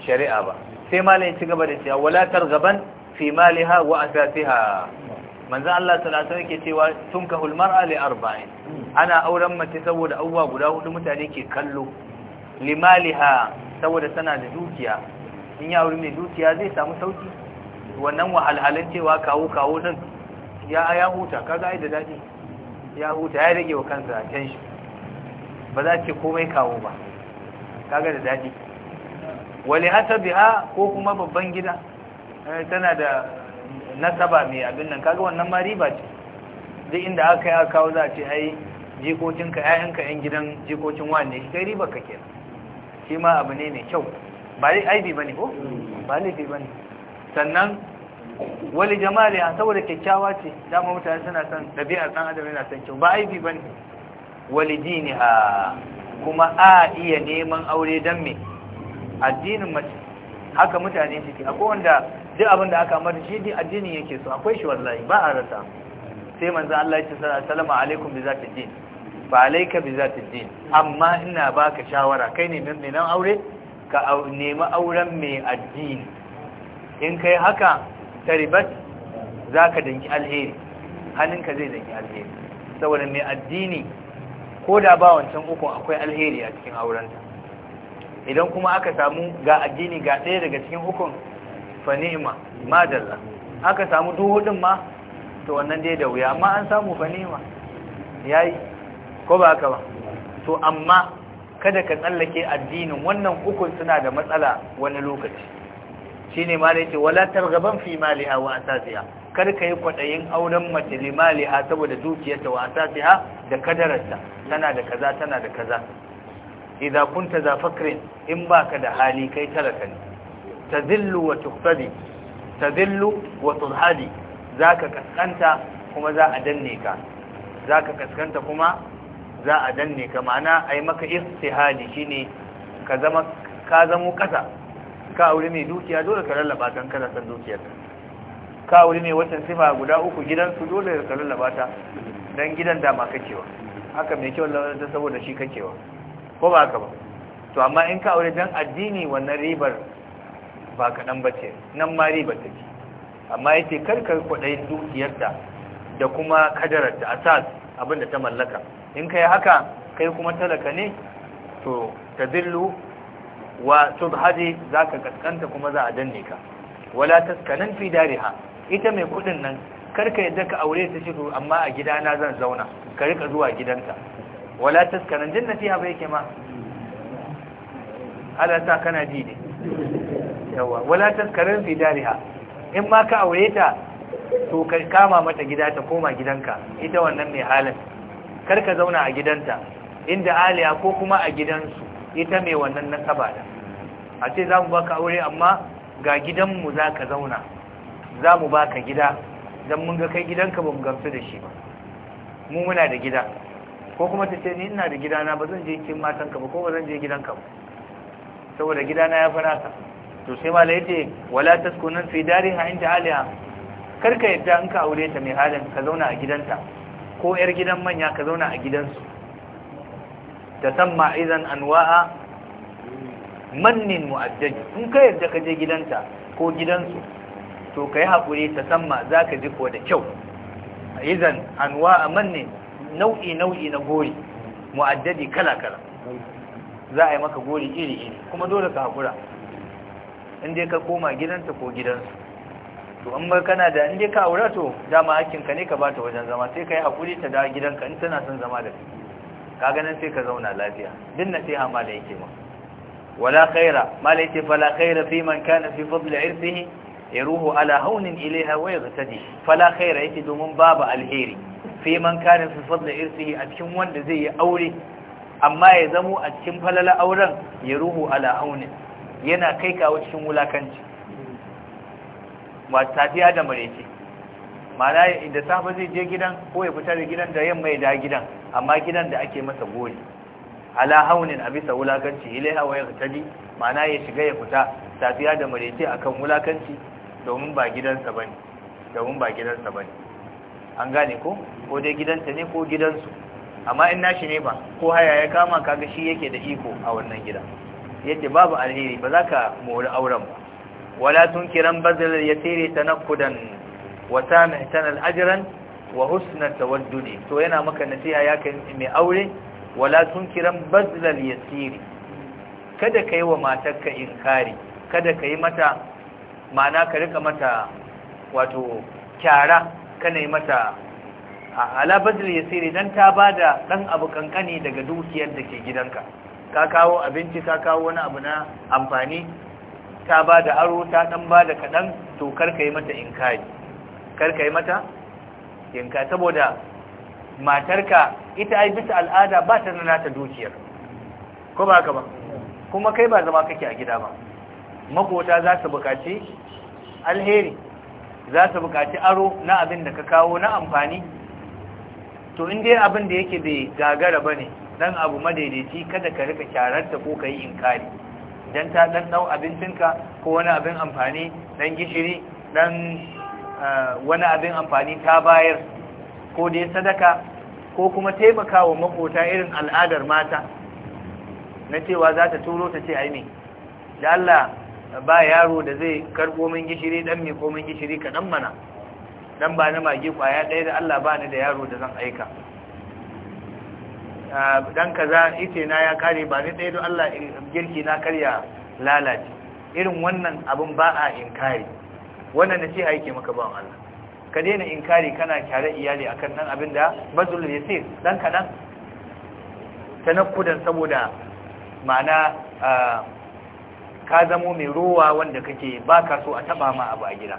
shari'a ba sai malai ci gaba da cewa wala targaban fi maliha wa asasiha manzo Allah sallallahu alaihi yake cewa ka mar'a li arba'in ana auren mace saboda abubuwa guda hudu mutane ke kallo limaliha saboda tana da dukiya in ya aure mai dukiya zai samu sauki wannan wahalhalin cewa kawo kawo nan ya ya huta kaga ai da dadi ya huta ya rage wa kansa tension ba za ki komai kawo ba kaga da dadi wali hasabiha ko kuma babban gida eh, tana da nasaba mai abin nan kaga wannan ma riba ce duk inda aka yi aka kawo za a ce ai jikokinka ƴaƴanka ƴan gidan jikokin wane kai riba ka ke? shi ma abu ne mai kyau ba aibi bane ko ba laifi bane sannan wali jama'a a saboda kyakkyawa ce dama mutane suna son ɗabi'a ɗan adam yana son kyau ba aibi bane wali dini a kuma a iya neman aure don me addinin mace haka mutane suke akwai wanda duk abin da aka mata shi din addini yake so akwai shi wallahi ba a rasa sai manzo Allah ya ce assalamu alaikum bi zati din fa alayka bi zati din amma ina baka shawara kai ne mai nan aure ka nemi auren mai addini in kai haka taribat zaka danki alheri ka zai danki alheri saboda mai addini ko da ba wancan uku akwai alheri a cikin aurenta idan kuma aka samu ga addini ga ɗaya daga cikin hukun fa ni'ma madalla aka samu duhu din ma to wannan dai da wuya amma an samu fa yayi ko ba haka ba to amma kada ka tsallake addinin wannan ukun suna da matsala wani lokaci shine ma da yake wala targaban fi maliha wa asasiha kada ka yi kwaɗayin auren mace saboda dukiyarta wa asasiha da kadararta tana da kaza tana da kaza idan kunta za fakrin in baka da hali kai talaka ne tazillu wa tuhtadi tazillu wa tunhadi zaka kaskanta kuma za a danne ka zaka kaskanta kuma za a danne ka ma'ana ai maka ta shine shi ne ka zamo kasa ka aure mai dukiya dole ka lallaba kan kasa san dukiyar ka aure mai watan sifa guda uku gidan su dole ka lallaba ta dan gidan dama ma kakewa haka mai kyau ta saboda shi kakewa ko ba ka ba to amma in ka aure dan addini wannan ribar ba kaɗan ba ce nan ma riba take amma yake karkar kwaɗayin dukiyarta da kuma kadararta a sa abin da ta mallaka in kai haka kai kuma talaka ne to ta zillu wa za ka kaskanta kuma za a danne ka wala taskanan fi ha, ita mai kuɗin nan karka yadda ka aure ta shigo amma a gida na zan zauna ka rika zuwa gidanta wala taskanan jinnati ha bai ke ma Allah ta kana ji ne aurentarwa wala taskarin fi dariha in ma ka aure ta to ka kama mata gida ta koma gidanka ita wannan mai halin kar ka zauna a gidanta inda aliya ko kuma a gidansu ita mai wannan nasaba da a ce za mu ba ka aure amma ga gidanmu za ka zauna za mu ba ka gida don mun ga kai gidanka ba mu gamsu da shi ba mu muna da gida ko kuma ta ce ni ina da gidana ba zan je kin matanka ba ko ba zan je gidanka ba saboda gidana ya fara ka to sai mala yace wala taskunun fi dariha inda aliha karka yadda in ka aure ta mai halin ka zauna a gidanta ko yar gidan manya ka zauna a gidansu Ta samma idan anwa'a mannin mu'addad in ka yadda ka je gidanta ko gidansu to kai hakuri za zaka ji ko da kyau idan anwa'a mannin nau'i nau'i na gori mu'addadi kala kala za a yi maka gori iri iri kuma dole ka hakura in dai ka koma gidanta ko gidansu to an bar kana da in dai ka aure to dama ka ne ka bata wajen zama sai ka yi haƙuri ta da gidanka in tana son zama da ka ganin sai ka zauna lafiya na sai ma da yake ma wala khaira ma la yake fala khaira fi man kana fi fadl irfihi yaruhu ala haunin ilaiha wa yaghtadi fala khaira yake domin babu alheri fi man kana fi fadl irfihi a cikin wanda zai yi aure amma ya zamo a cikin falala auren yaruhu ala haunin yana kai kawo cikin wulakanci ba tafiya da marece mana inda safe zai je gidan ko ya fita da gidan da yamma ya da gidan amma gidan da ake masa gori ala haunin a bisa wulakanci ilaiha wa yaqtadi mana ya shiga ya fita tafiya da marece akan wulakanci domin ba gidansa ne domin ba gidansa ne an gane ko ko dai gidanta ne ko gidansu amma in nashi ne ba ko haya ya kama kaga shi yake da iko a wannan gidan yace babu alheri ba za ka mori auren ba wala tun tunkiran bazal na kudan wa tanahtan al-ajran wa husna tawaddudi to yana maka nasiha ya kai mai aure wala tun tunkiran bazal yasiri kada kai wa in inkari kada kai mata ma'ana ka rika mata wato kyara kana yi mata ala bazal yasiri dan ta bada dan abu kankani daga dukiyar da ke gidanka ka kawo abinci ka kawo wani abu na amfani ta ba da aro ta dan ba da kaɗan to karka yi mata inkari karka yi mata yanka saboda matarka ita ai bisa al'ada ba ta nuna ta dukiyar ko ba ka ba kuma kai ba zama kake a gida ba makota za su bukaci alheri za su bukaci aro na abin da ka kawo na amfani to in dai abin da yake bai gagara ba ne dan abu madaidaici kada ka rika kyararta ko ka yi inkari Idan ta dan dau abincinka ko wani abin amfani dan gishiri dan eh, wani abin amfani ta bayar ko dai sadaka ko kuma taimakawa makota irin al'adar mata na cewa za ta turo ta ce aini da Allah ba yaro da zai karbo min gishiri dan mai komin gishiri kaɗan mana dan ba na magi kwaya ɗaya da Allah ba ni da yaro da zan aika dan kaza ice na ya kare ba ni ɗaya don Allah girki na karya lalace irin wannan abin ba a inkari wannan nasiha yake maka ba Allah ka daina inkari kana kyare iyali akan nan abin da bazul yasir dan kadan tanakkudan saboda ma'ana ka zamo mai ruwa wanda kake ba ka so a taba ma abu a gida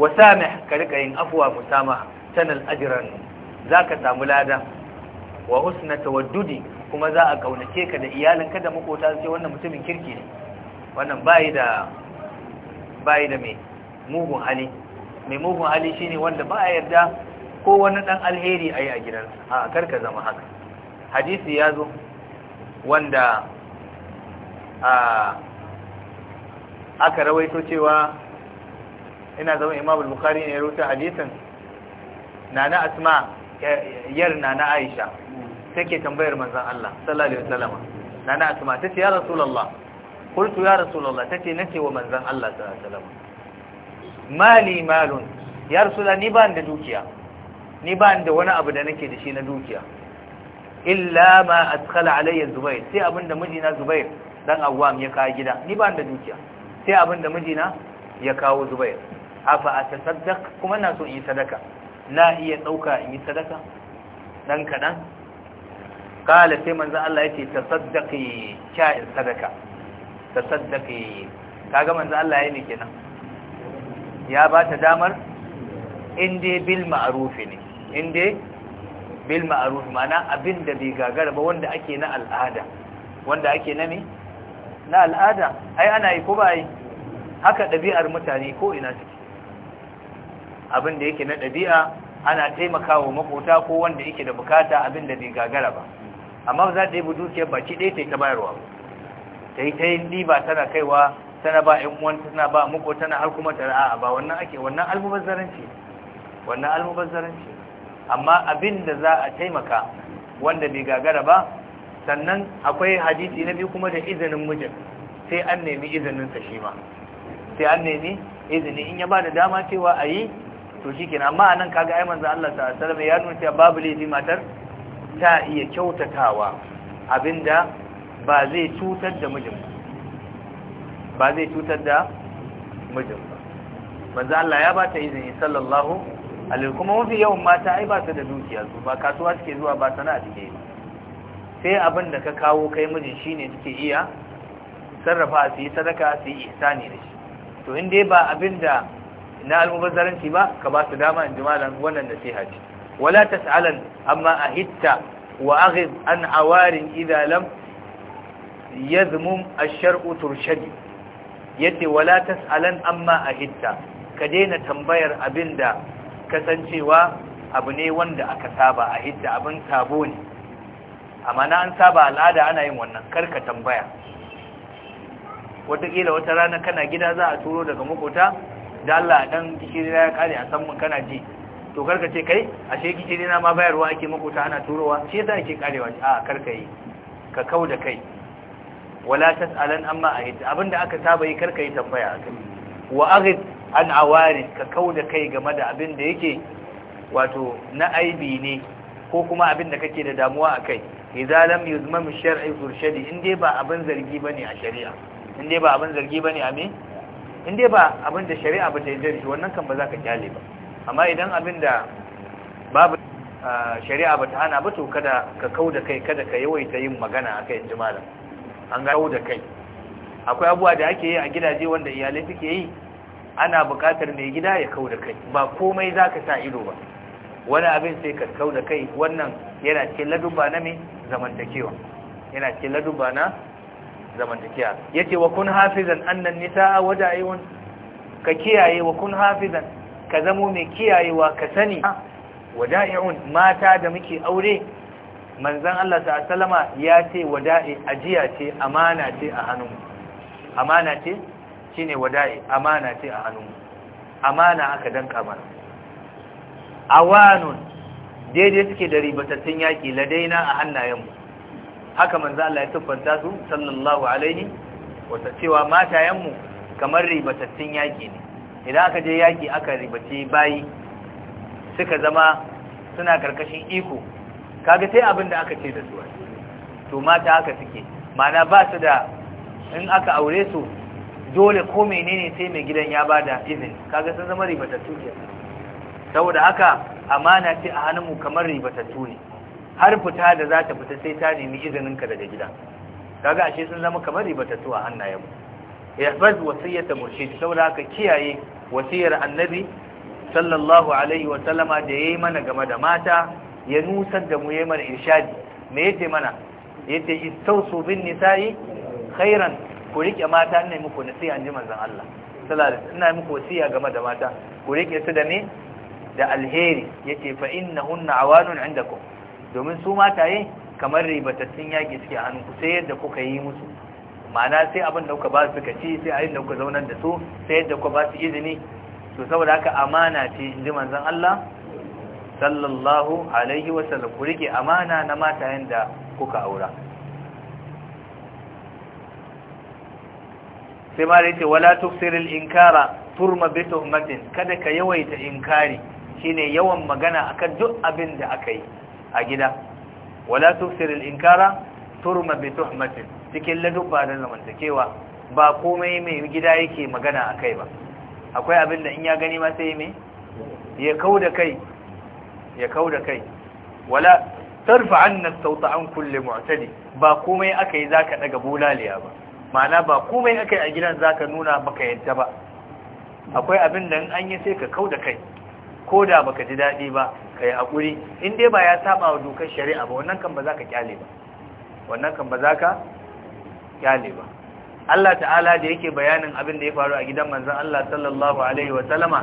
wasamih ka rika yin afwa musama tanal ajran zaka samu ladan. wa husna tawaddudi kuma za a kaunace ka da iyalinka da makota sai wannan mutumin kirki ne wannan bai da bai da mai mugun hali mai mugun hali shine wanda ba a yarda ko wani dan alheri ayi a gidansa a karka zama haka hadisi ya zo wanda a aka rawaito cewa ina zama imamul al-bukhari ne ya rawaito hadisin nana asma' yarna na Aisha take tambayar manzon Allah sallallahu alaihi wasallam nana Asma tace ya Rasulullah qultu ya Rasulullah tace nace wa manzon Allah sallallahu alaihi wasallam mali malun ya rasul ni ba da dukiya ni ba da wani abu da nake da shi na dukiya illa ma adkhala alayya Zubair sai abinda mijina Zubair dan Awwam ya kawo gida ni ba da dukiya sai abinda mijina ya kawo Zubair afa atasaddaq kuma na so in sadaka na iya ɗauka in yi sadaka ɗan kaɗan kala sai manzan Allah ya ce ta saddaki kya'in sadaka ta saddaki kaga manzan Allah ya nike nan? ya ba ta damar inda bil ma'arufi ne inda bil ma'arufi mana abin da bai gagara ba wanda ake na al'ada wanda ake na ne na al'ada ai ana yi ko ba yi haka ɗabi'ar mutane ko ina take abin da yake na ɗabi'a ana taimakawa makota ko wanda yake da bukata abin da bai gagara ba amma ba za ta yi bu dukiyar baki ɗaya ta yi ta bayarwa ta yi ta yi riba tana kaiwa tana ba ƴan uwan tana ba muku tana har kuma ta ra'a ba wannan ake wannan almubazzaranci wannan almubazzaranci amma abin da za a taimaka wanda bai gagara ba sannan akwai hadisi na biyu kuma da izinin mijin sai an nemi izinin sa shi ma sai an nemi izini in ya ba da dama cewa a yi to shikenan amma anan kaga ai manzo Allah sallallahu alaihi wasallam ya nuna cewa babu laifi matar ta iya kyautatawa abinda ba zai cutar da mijin ba zai cutar da mijin ba manzo Allah ya bata izini sallallahu alaihi kuma fi yawan mata ai ba su da dukiya su ba kasuwa suke zuwa ba sana'a suke sai abinda ka kawo kai mijin shine suke iya sarrafa su yi sadaka su yi ihsani da shi to in dai ba abinda. na almubazzaranci ba ka ba su dama in jima'a wannan nasiha ce wala tas'alan amma ahitta wa aghid an awarin idza lam yazmum ash-shar'u turshadi yace wala tas'alan amma ahitta ka daina tambayar abinda kasancewa abu ne wanda aka saba ahitta abin sabo ne amma na an saba al'ada ana yin wannan karka tambaya wataƙila wata rana kana gida za a turo daga makota da Allah dan gishiri ya kare a san mun kana ji to karka ce kai ashe gishiri na ma bayarwa ake muku ta ana turowa shi yasa ake karewa a karka yi ka kau da kai wala tasalan amma a ahid abinda aka saba yi karka yi tambaya akan wa aghid an awari ka kau da kai game da abin da yake wato na aibi ne ko kuma abin da kake da damuwa akai idza lam yuzmam shar'i furshadi in dai ba abin zargi bane a shari'a in dai ba abin zargi bane a me in dai ba abin da shari'a ba ta yi da shi wannan kan ba za ka kyale ba amma idan abin da babu shari'a ba ta hana ba to kada ka kau da kai kada ka yawaita yin magana a kai jimala an ga da kai akwai abubuwa da ake yi a gidaje wanda iyalai suke yi ana buƙatar mai gida ya kau da kai ba komai za ka sa ido ba wani abin sai ka kau da kai wannan yana cikin ladubba na mai zamantakewa yana cikin ladubba na zamantakiya yace wa kun hafizan annan nisaa wada'un ka kiyaye wa kun hafizan ka zamo mai kiyayewa ka sani wada'i'un mata da muke aure manzon Allah ta sallama ya ce wada'i ajiya ce amana ce a hannun amana ce shine wada'i amana ce a hannun amana aka danka mana awanun daidai suke da ribatattun yaki ladaina a hannayenmu haka manzo Allah ya tuffanta su sallallahu alaihi wata cewa matayenmu kamar ribatattun yaƙi ne idan aka je yaƙi aka ribace bayi suka zama suna karkashin iko kaga sai abin da aka ce da su to mata haka suke mana ba su da in aka aure su dole ko menene sai mai gidan ya bada izini kaga sun zama ribatattu ke saboda haka amana ce a hannunmu kamar ribatattu ne har fita da za ta fita sai ta nemi izininka daga gida kaga ashe sun zama kamar ribatattu a hannayen ihfaz wasiyyata murshid saboda haka kiyaye wasiyar annabi sallallahu alaihi wa sallama da yayi mana game da mata ya nusar da mu yayi mana irshadi me yace mana yace istausu bin nisa'i khairan ku rike mata ne muku nasiha ji manzon Allah sallallahu alaihi ina muku wasiya game da mata ku rike su da ne da alheri yace fa innahunna awanun indakum domin su mataye kamar ribatattun yaƙi suke a hannun ku sai yadda kuka yi musu mana sai abin da kuka ba su kaci sai abin da kuka zaunar da su sai yadda kuka ba su izini to saboda haka amana ce in ji manzon Allah sallallahu alaihi wa sallam ku rike amana na matayen da kuka aura sai ma da yake wala tuksiril inkara turma bi tuhmatin kada ka yawaita inkari shine yawan magana akan duk abin da aka yi a gida wala tufsir al-inkara turma bi tuhmatin cikin ladubba da zamantakewa ba komai mai gida yake magana akai ba akwai abin da in ya gani ma sai mai ya kauda kai ya kauda kai wala tarfa anna sauta an kulli mu'tadi ba komai akai zaka daga bulaliya ba ma'ana ba komai akai a gidan zaka nuna baka yadda ba akwai abin da in an yi sai ka kauda kai ko da baka ji daɗi ba ka yi haƙuri in dai ba ya saba wa dokar shari'a ba wannan kan ba za ka kyale ba wannan kan ba za ka kyale ba Allah ta'ala da yake bayanin abin da ya faru a gidan manzon Allah sallallahu alaihi wa sallama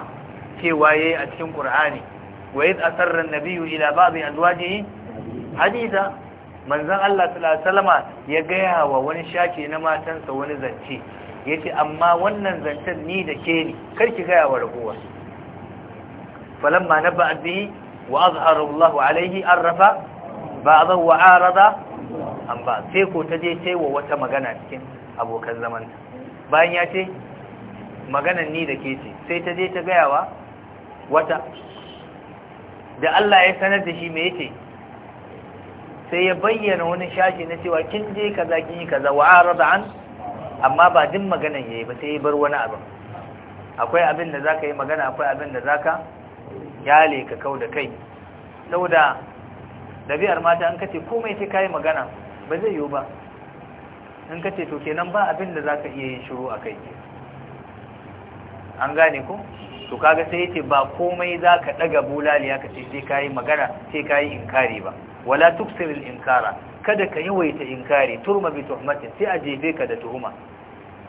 cewa yayi a cikin Qur'ani wa id asarra an-nabiyyu ila ba'd azwajihi haditha manzon Allah sallallahu alaihi wa sallama ya gaya wa wani shaki na matansa wani zance yace amma wannan zancen ni da ke ni kar ki gaya wa ragowa فلما نبأت به وأظهره الله عليه عرف بعضه وعارض عن بعض سيكو تجي سيو وتمغنى أبو كان زمن باين ياتي maganan ni da ke ce sai ta je ta gayawa wata da Allah ya sanar da shi mai ce sai ya bayyana wani shashi na cewa kin je kaza kin yi kaza wa da an amma ba din maganan yayi ba sai ya bar wani abin akwai abin da zaka yi magana akwai abin da zaka yale ka kau da kai saboda dabi'ar mata an kace komai sai kai magana ba zai yiwu ba in kace to kenan ba abin da zaka iya yin shiru akai an gane ko to kaga sai yace ba komai zaka daga bulaliya kace sai kai magana sai kai inkari ba wala tuksiril inkara kada ka yi waita inkari turma bi tuhmatin sai a jefe ka da tuhuma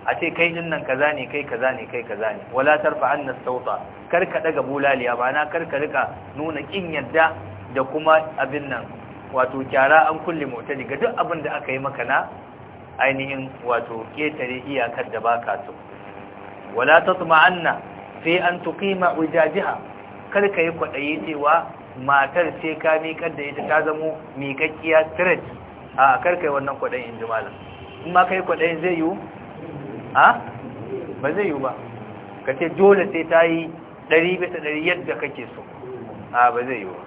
a ce kai din nan kaza ne kai kaza ne kai kaza ne wala tarfa anna sauta kar ka daga bulaliya ba na kar ka rika nuna kin yadda da kuma abin nan wato kyara an kulle mutane ga duk abin da aka yi maka na ainihin wato ketare iyakar da baka su wala anna fi an tuqima wajajiha kar ka yi kwadayi cewa matar sai ka miƙar da ita ta zamo mikakkiya tirat a kar ka yi wannan kwadayin in in ma kai kwadayin zai yiwu ha ba zai yi ba ka ce dole sai ta yi ɗari bisa ɗari yadda kake so a ba zai yi ba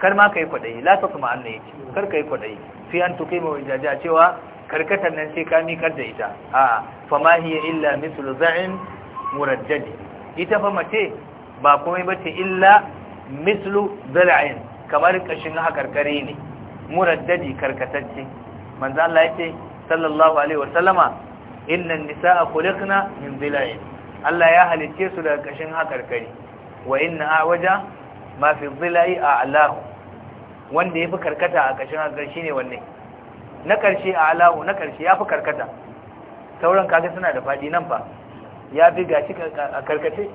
kar ma ka yi kwaɗayi lasa kuma na ya ce kar ka yi kwaɗayi fi an tukai ma wajaji a cewa karkatar nan sai ka kar da ita a fama hiya illa mislu za'in muraddadi ita fa mace ba komai ba ce illa mislu zara'in kamar kashin hakarkare ne muraddadi karkatacce manzan Allah ya ce sallallahu alaihi wasallama innan nisaa khuliqna min dhilain Allah ya halicce su daga kashin hakarkari wa inna waja ma fi a a'lahu wanda yafi karkata a kashin shi shine wanne na karshe a'lahu na karshe yafi karkata sauran kaga suna da fadi nan fa ya fi gashi a karkace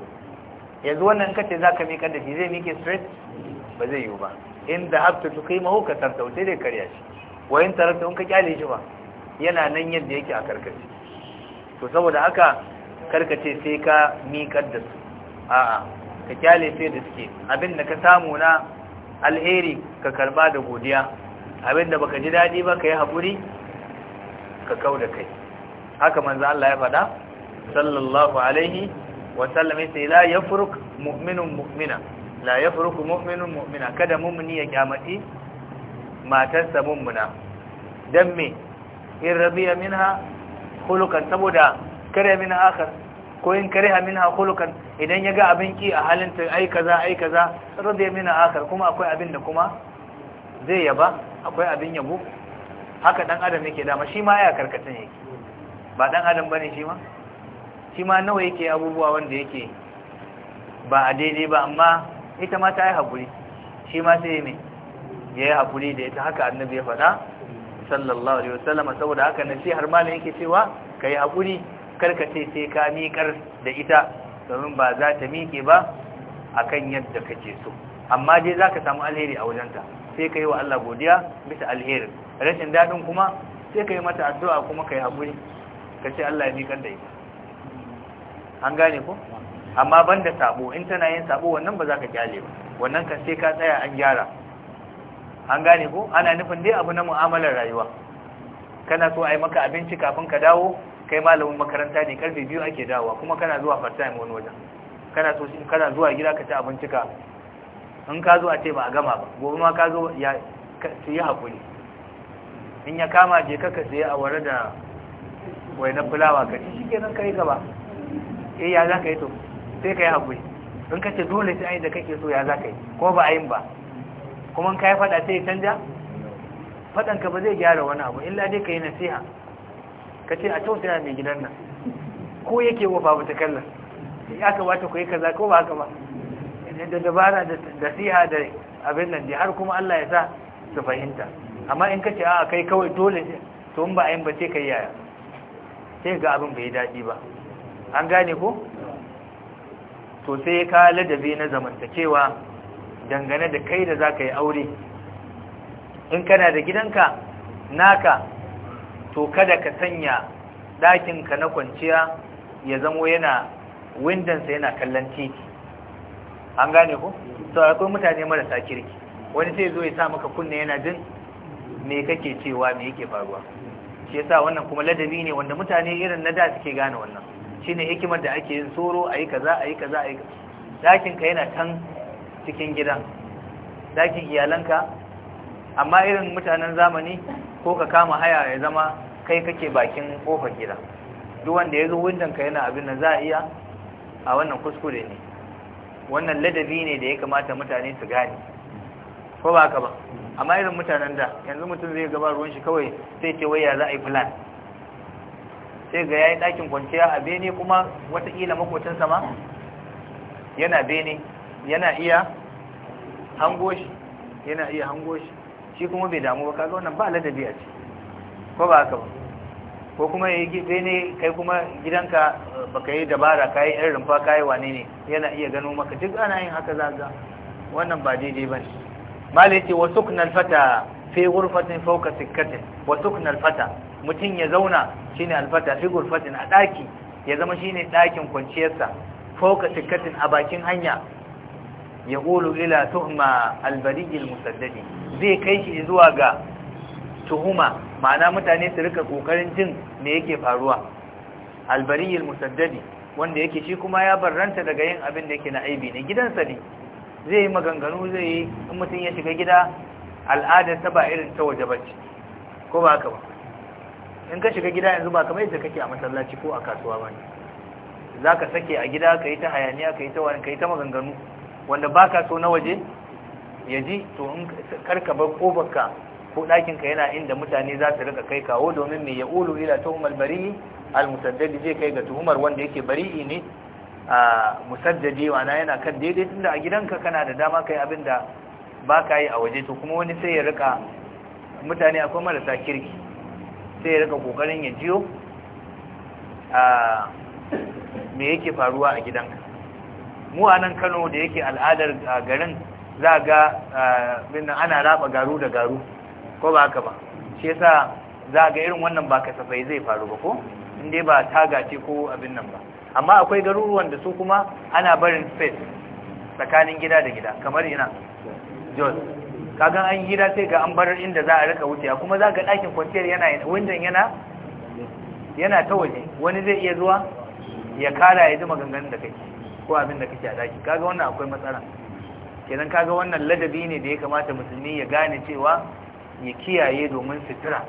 yanzu wannan kace zaka miƙar da shi zai miƙe straight ba zai yiwu ba in da hafta tuqimahu ka tartau sai dai karya shi wa in tarata in ka kyale shi ba yana nan yadda yake a karkace to saboda haka karka ce sai ka miƙar da su a'a ka kyale sai da suke Abinda ka samu na alheri ka karba da godiya Abinda baka ji daɗi ba ka yi haƙuri ka kau da kai haka manzo Allah ya faɗa sallallahu alaihi wa sallam sai la yafruk mu'minun mu'mina la yafruku mu'minun mu'mina kada mu'mini ya kyamati matarsa mu'mina dan me in rabiya minha hulukan saboda kare min akhar ko in kariha minha hulukan idan yaga abin ki a halin ta ai kaza ai kaza radiya min akhar kuma akwai abin da kuma zai yaba akwai abin yabo haka dan adam yake dama shi ma ya karkata yake ba dan adam bane shi ma shi ma nawa yake abubuwa wanda yake ba a daidai ba amma ita ma ta yi hakuri shi ma sai me yi hakuri da ita haka annabi ya faɗa sallallahu alaihi wasallam saboda haka nasihar malam yake cewa kai hakuri karka ce sai ka miƙar da ita domin ba za ta miƙe ba akan yadda kake so amma dai zaka samu alheri a wajenta sai kai wa Allah godiya bisa alherin rashin dadin kuma sai kai mata addu'a kuma kai hakuri ka ce Allah ya miƙar da ita an gane ko amma banda sabo in tana yin sabo wannan ba za ka kyale ba wannan kan sai ka tsaya an gyara an gane ko ana nufin dai abu na mu'amalar rayuwa kana so a yi maka abinci kafin ka dawo kai malamin makaranta ne karfe biyu ake dawowa kuma kana zuwa part time wani wajen kana so kana zuwa gida ka ci abinci ka in ka zo a ce ba a gama ba gobe ma ka zo ya yi hakuri in ya kama je ka ka sai a ware da wai na fulawa ka ci shikenan kai gaba eh ya za ka yi to sai ka yi hakuri in ka ce dole sai ai da kake so ya za ka yi ko ba a yin ba kuma ka yi faɗa sai ya canja faɗanka ba zai gyara wani abu illa dai ka yi nasiha ka ce a yana mai gidan nan ko yake wa babu takallar ya kamata ku yi kaza ko ba haka ba da dabara da nasiha da abin nan har kuma Allah ya sa su fahimta amma in ka ce a kai kawai dole ne, to in ba a yin ba sai kai yaya sai ga abin bai daɗi ba an gane ko to sai ka ladabi na zamantakewa dangane da kai da za ka yi aure in kana da gidanka naka to kada ka sanya ɗakinka na kwanciya ya zamo yana windonsa yana kallon titi an gane ku? to akwai mutane marasa kirki wani sai zo ya sa maka kunna yana jin me kake cewa me yake faruwa shi yasa wannan kuma ladabi ne wanda mutane irin na da suke gane wannan shine hikimar da ake yin a ayi kaza ayi kaza ayi kaza. ka yana kan cikin gidan dakin iyalanka amma irin mutanen zamani ko ka kama haya ya zama kai kake bakin kofar gida duk wanda ya zo windonka yana abin da za a iya a wannan kuskure ne wannan ladabi ne da ya kamata mutane su gane ko ba ka ba amma irin mutanen da yanzu mutum zai gaba ruwan shi kawai sai ce waya za a yi plan sai ga yayi dakin kwanciya a bene kuma watakila makocinsa sama. yana bene yana iya hango shi yana iya hango shi shi kuma bai damu ba kaga wannan ba ladabi a ce ko ba haka ba ko kuma ya yi ne kai kuma gidanka eh, baka yi dabara kayi yan rumfa kayi wane ne yana iya gano maka duk ana yin haka zaga wannan ba daidai ba ne malai ce wa suknal fata fi ghurfatin fawqa sikkatin wa suknal fata mutum ya zauna shine alfata fi ghurfatin a daki ya zama shine dakin kwanciyarsa fawqa sikkatin a bakin hanya yaqulu ila tuhma albari almusaddadi zai kai shi zuwa ga tuhuma ma'ana mutane su rika kokarin jin me yake faruwa albari almusaddadi wanda yake shi kuma ya barranta daga yin abin da yake na aibi ne gidansa ne zai yi maganganu zai yi in mutum ya shiga gida al'adar ta ba irin ta waje bacci ko ba haka ba in ka shiga gida yanzu ba kamar yadda kake a masallaci ko a kasuwa ba ne za ka sake a gida ka yi ta hayaniya ka yi ta wani ka yi ta maganganu wanda baka so na waje ya ji to in karka bar ko ɗakinka yana inda mutane za su rika kai kawo domin mai ya ulu ila tuhumar bari'i al-musaddadi zai kai ga tuhumar wanda yake bari'i ne a musaddadi wana yana kan daidai tunda a gidanka kana da dama kai abin da ba ka yi a waje to kuma wani sai ya rika mutane akwai marasa kirki sai ya rika kokarin ya jiyo a me yake faruwa a gidanka mu a nan kano da yake al'adar garin za ga ana raba garu da garu ko ba haka ba shi yasa za ga irin wannan ba kasafai zai faru ba ko inda ba taga ce ko abin nan ba amma akwai garuruwan da su kuma ana barin space tsakanin gida da gida kamar ina jos kagan an gida sai ga an bar inda za a rika wuce kuma za ga ɗakin kwanciyar yana yana yana ta waje wani zai iya zuwa ya kara ya ji maganganun da kai. ko abin da kake a daki kaga wannan akwai matsala kenan kaga wannan ladabi ne da ya kamata musulmi ya gane cewa ya kiyaye domin sutura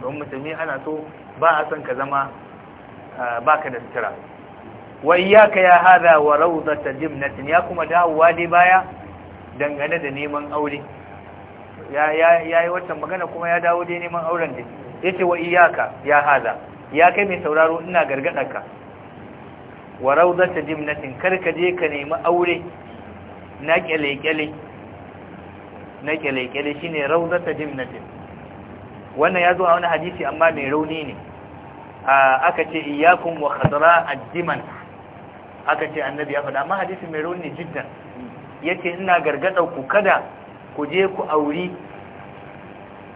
don musulmi ana so ba a son ka zama baka da sutura wa iyyaka ya hada wa rawdata jimnatin ya kuma dawowa dai baya dangane da neman aure ya yi wannan magana kuma ya dawo dai neman auren dai yace wa iyyaka ya hada ya kai mai sauraro ina ka. wa rawdata jimnatin karka je ka nemi aure na kyale-kyale na kyale-kyale shine rawdata jimnatin wannan ya zo a wani hadisi amma mai rauni ne aka ce iyakun wa khadra addiman aka ce annabi ya faɗa amma hadisi mai rauni jiddan yace ina gargada ku kada ku je ku auri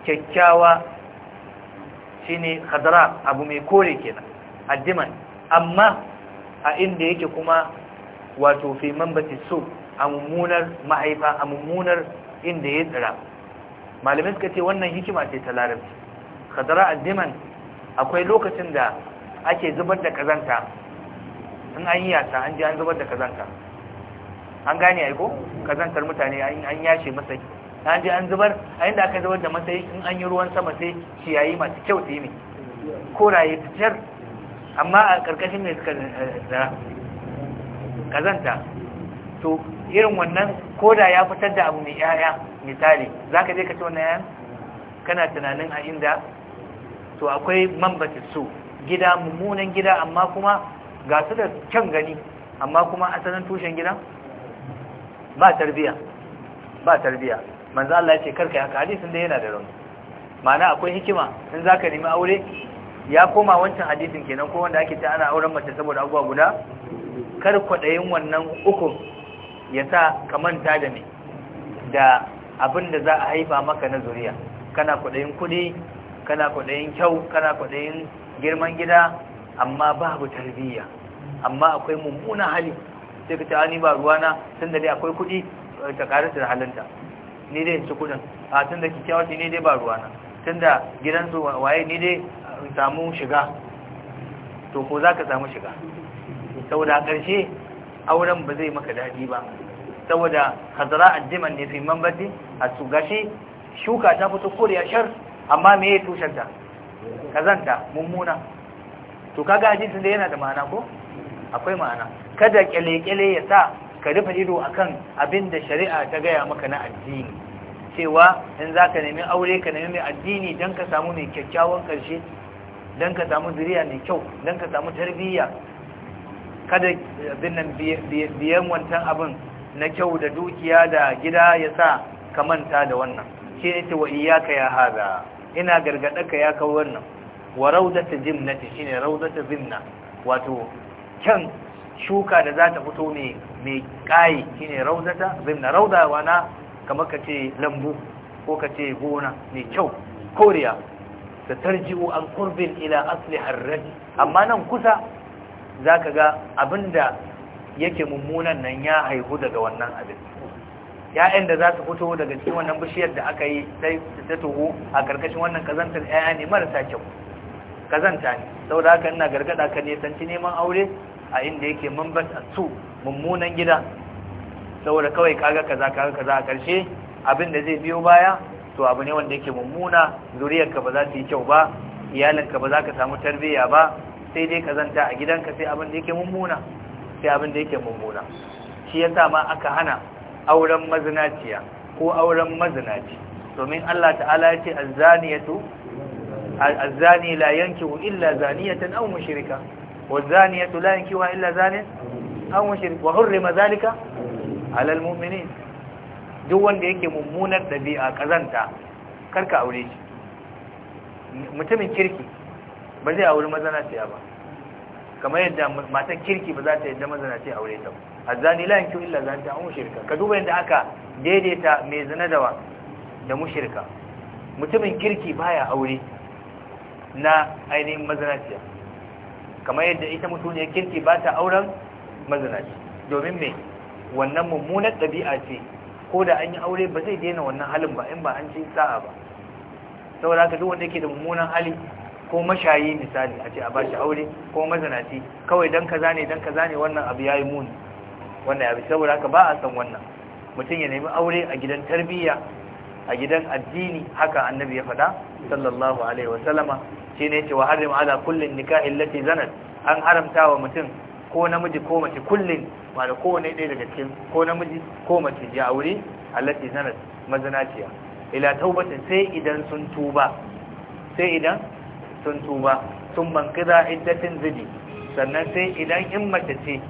kyakkyawa shine khadra abu mai kore kenan addiman amma a inda yake kuma wato fi manbati su a mummunar mahaifa a mummunar inda ya tsira malamai suka ce wannan hikima ce ta larabci kadara addiman akwai lokacin da ake zubar da kazanta in an yi yasa an je an zubar da kazanta an gane aiko kazantar mutane an yashe masai an ji an zubar a inda aka zubar da masai in an yi ruwan sama sai ciyayi masu kyau ta yi ne koraye fitar amma a ƙarƙashin mai suka eh, eh, zara to irin wannan koda ya fitar da abu mai yaya misali za ka je ka ci wannan kana tunanin a inda to akwai mambatis su gida mummunan gida amma kuma ga su da kyan gani amma kuma asalin tushen gida? ba tarbiya ba tarbiya manzo Allah ya ce karka haka hadisin da yana da rauni ma'ana akwai hikima in ka nemi aure ya koma wancan hadisin kenan ko wanda ake ta ana auren mace saboda abuwa guda kar kwaɗayin wannan uku ya sa ka manta da me da abin da za a haifa maka na zuriya kana kwaɗayin kuɗi kana kwaɗayin kyau kana kwaɗayin girman gida amma babu tarbiyya amma akwai mummuna hali sai ka ta ni ba ruwana tun da dai akwai kuɗi ta ƙarar da halinta ni dai ci kuɗin a tun da kyakkyawa ne ni dai ba ruwana tun da gidansu waye ni dai in samu shiga to ko za ka samu shiga saboda a ƙarshe auren ba zai maka daɗi ba saboda hazara addiman ne fi mambati a su gashi shuka ta fito koriya shar amma me ya tushenta kazanta mummuna to kaga hadisin da yana da ma'ana ko akwai ma'ana kada kyale-kyale ya sa ka rufe ido akan abin da shari'a ta gaya maka na addini cewa in za ka nemi aure ka nemi mai addini don ka samu mai kyakkyawan ƙarshe don ka samu zuriya mai kyau don ka samu tarbiyya kada abin nan biyan wancan abin na kyau da dukiya da gida ya sa ka manta da wannan shi ne ce wa iyaka ya haza ina gargaɗa ka ya kawo wannan wa raudata jimnati shi ne raudata zimna wato kyan shuka da za ta fito mai ƙayi shi ne raudata zimna raudawa na kamar ka ce lambu ko ka ce gona mai kyau koriya Da tarji'u an kurbin ila asli harraji amma nan kusa za ka ga abinda yake mummunan nan ya haihu daga wannan abin ya'yan da za su fito daga cikin wannan bishiyar da aka yi sai ta tuhu a karkashin wannan kazantar ya'ya ne marasa kyau kazanta ne Sau da haka ina gargada ka ne sanci neman aure a inda yake a su mummunan gida saboda kawai kaga kaza kaga kaza a karshe abin da zai biyo baya to abu ne wanda yake mummuna zuriyarka ba za ta yi kyau ba iyalinka ba za ka samu tarbiyya ba sai dai ka zanta a gidanka sai abin da yake mummuna sai abin da yake mummuna shi yasa ma aka hana auren mazinaciya ko auren mazinaci domin Allah ta'ala ya ce azzaniyatu azzani la yankihu illa zaniyatan aw mushrika wazaniyatu la yankihu illa zani aw mushrik wa hurrima zalika ala almu'minin duk wanda yake mummunar ɗabi'a ƙazanta karka aure shi mutumin kirki ba zai aure mazanaciya ba kamar yadda matan kirki ba za ta yadda mazanaciya aure ta A zani, la'in kyau illa za ta mushirka ka duba yadda aka daidaita mai zina da mu da mushirka mutumin kirki baya aure na ainihin mazanaciya kamar yadda ita mutuniyar kirki ba ta auren mazanaci domin mai wannan mummunar ɗabi'a ce ko da an yi aure ba zai daina wannan halin ba in ba an ci sa'a ba saboda haka duk wanda yake da mummunan hali ko mashayi misali a ce a bashi aure ko mazanaci kawai dan kaza ne dan kaza ne wannan abu yayi muni wannan ya bi saboda haka ba a san wannan mutum ya nemi aure a gidan tarbiyya a gidan addini haka annabi ya faɗa sallallahu alaihi wa sallama shine ce wa harim ala kullin nikahin lati zanat an haramta wa mutum ko namiji ko mace kullum ba da kowane ɗaya daga cikin ko namiji ko mace ya aure allati zanat mazanaciya ila taubatin sai idan sun tuba sai idan sun tuba sun bankira iddatin zidi sannan sai idan in mace ce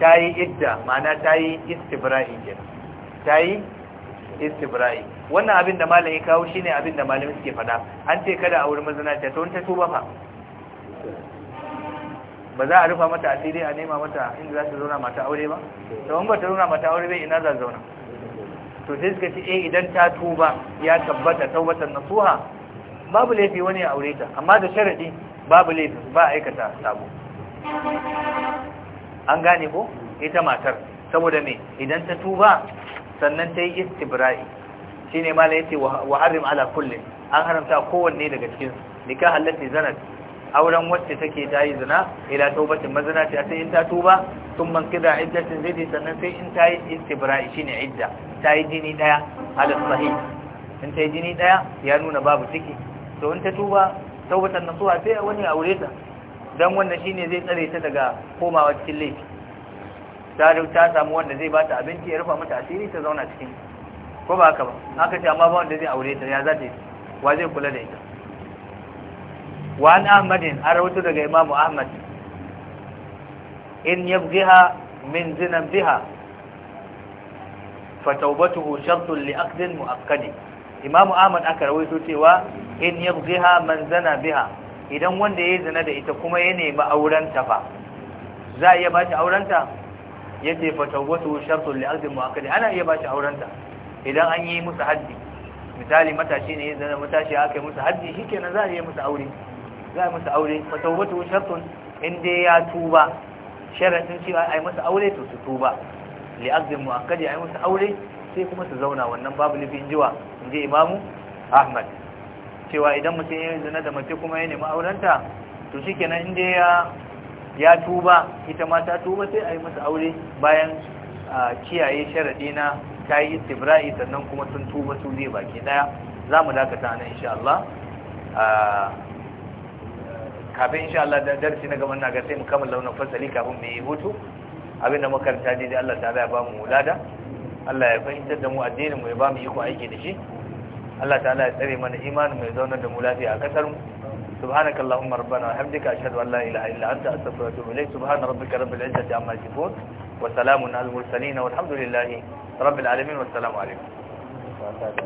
ta yi idda ma'ana ta yi istibra'i kenan ta yi istibra'i wannan abin da malam ya kawo shine abin da malam suke faɗa an ce kada a wurin mazanaciya to wani ta tuba fa ba za a rufa mata asiri a nema mata inda za su zauna mata aure ba to in ta zauna mata aure bai ina za zauna to sai suka ce eh idan ta tuba ya tabbata taubatan nasuha babu laifi wani ya aure ta amma da sharadi babu laifi ba aikata sabo an gane ko ita matar saboda me idan ta tuba sannan ta yi istibra'i shine mala yace wa harim ala kullin an haramta kowanne daga cikin nikah allati zanat auren wacce take ta yi zina ila taubatin mazina ce sai in ta tuba sun man kida iddatin zai sannan sai in ta yi istibra'i shine idda ta yi jini daya ala sahih in ta yi jini daya ya nuna babu ciki to in ta tuba taubatan nasuha sai wani aure ta dan wannan shine zai tsare ta daga komawa cikin laifi ta ta samu wanda zai bata abinci ya rufa mata asiri ta zauna cikin ko ba haka ba haka ce amma ba wanda zai aure ta ya za ta yi wa zai kula da ita Wani ahmadin an rawaito daga imamu ahmad in yabghiha min zina biha fa tawbatuhu shartun li aqdin muakkadi imamu ahmad aka rawaito cewa in yabghiha man zina biha idan wanda ya zina da ita kuma ya nemi aurenta fa za a iya ba shi aurenta ya ce fa tawbatu shartun li aqdin muakkadi ana iya ba shi aurenta idan an yi musu haddi misali matashi ne ya zana matashi aka yi musu haddi shikenan za a iya musu aure za a masa aure fa tawbatu shartun in dai ya tuba sharadin cewa yi masa aure to su tuba li azim muakkadi yi masa aure sai kuma su zauna wannan babu lifin jiwa je imamu ahmad cewa idan mutum ya zina da mace kuma ya nemi aurenta to shikenan in dai ya ya tuba ita ma ta tuba sai a yi masa aure bayan kiyaye sharadi na ta yi istibra'i sannan kuma sun tuba su zai baki daya za mu dakata nan insha Allah kafin insha Allah da darsi na gaban na ga sai mu kammala wannan fasali kafin mu yi hutu abinda makaranta dai Allah ta ba mu lada Allah ya fahimtar da mu addinin mu ya ba mu iko aiki da shi Allah ta'ala ya tsare mana imanin mu ya zauna da mu lafiya a kasar mu سبحانك اللهم ربنا وحمدك أشهد أن لا إله إلا أنت أستغفرك وأتوب إليك سبحان ربك رب العزة عما يصفون وسلام على المرسلين والحمد لله رب العالمين والسلام عليكم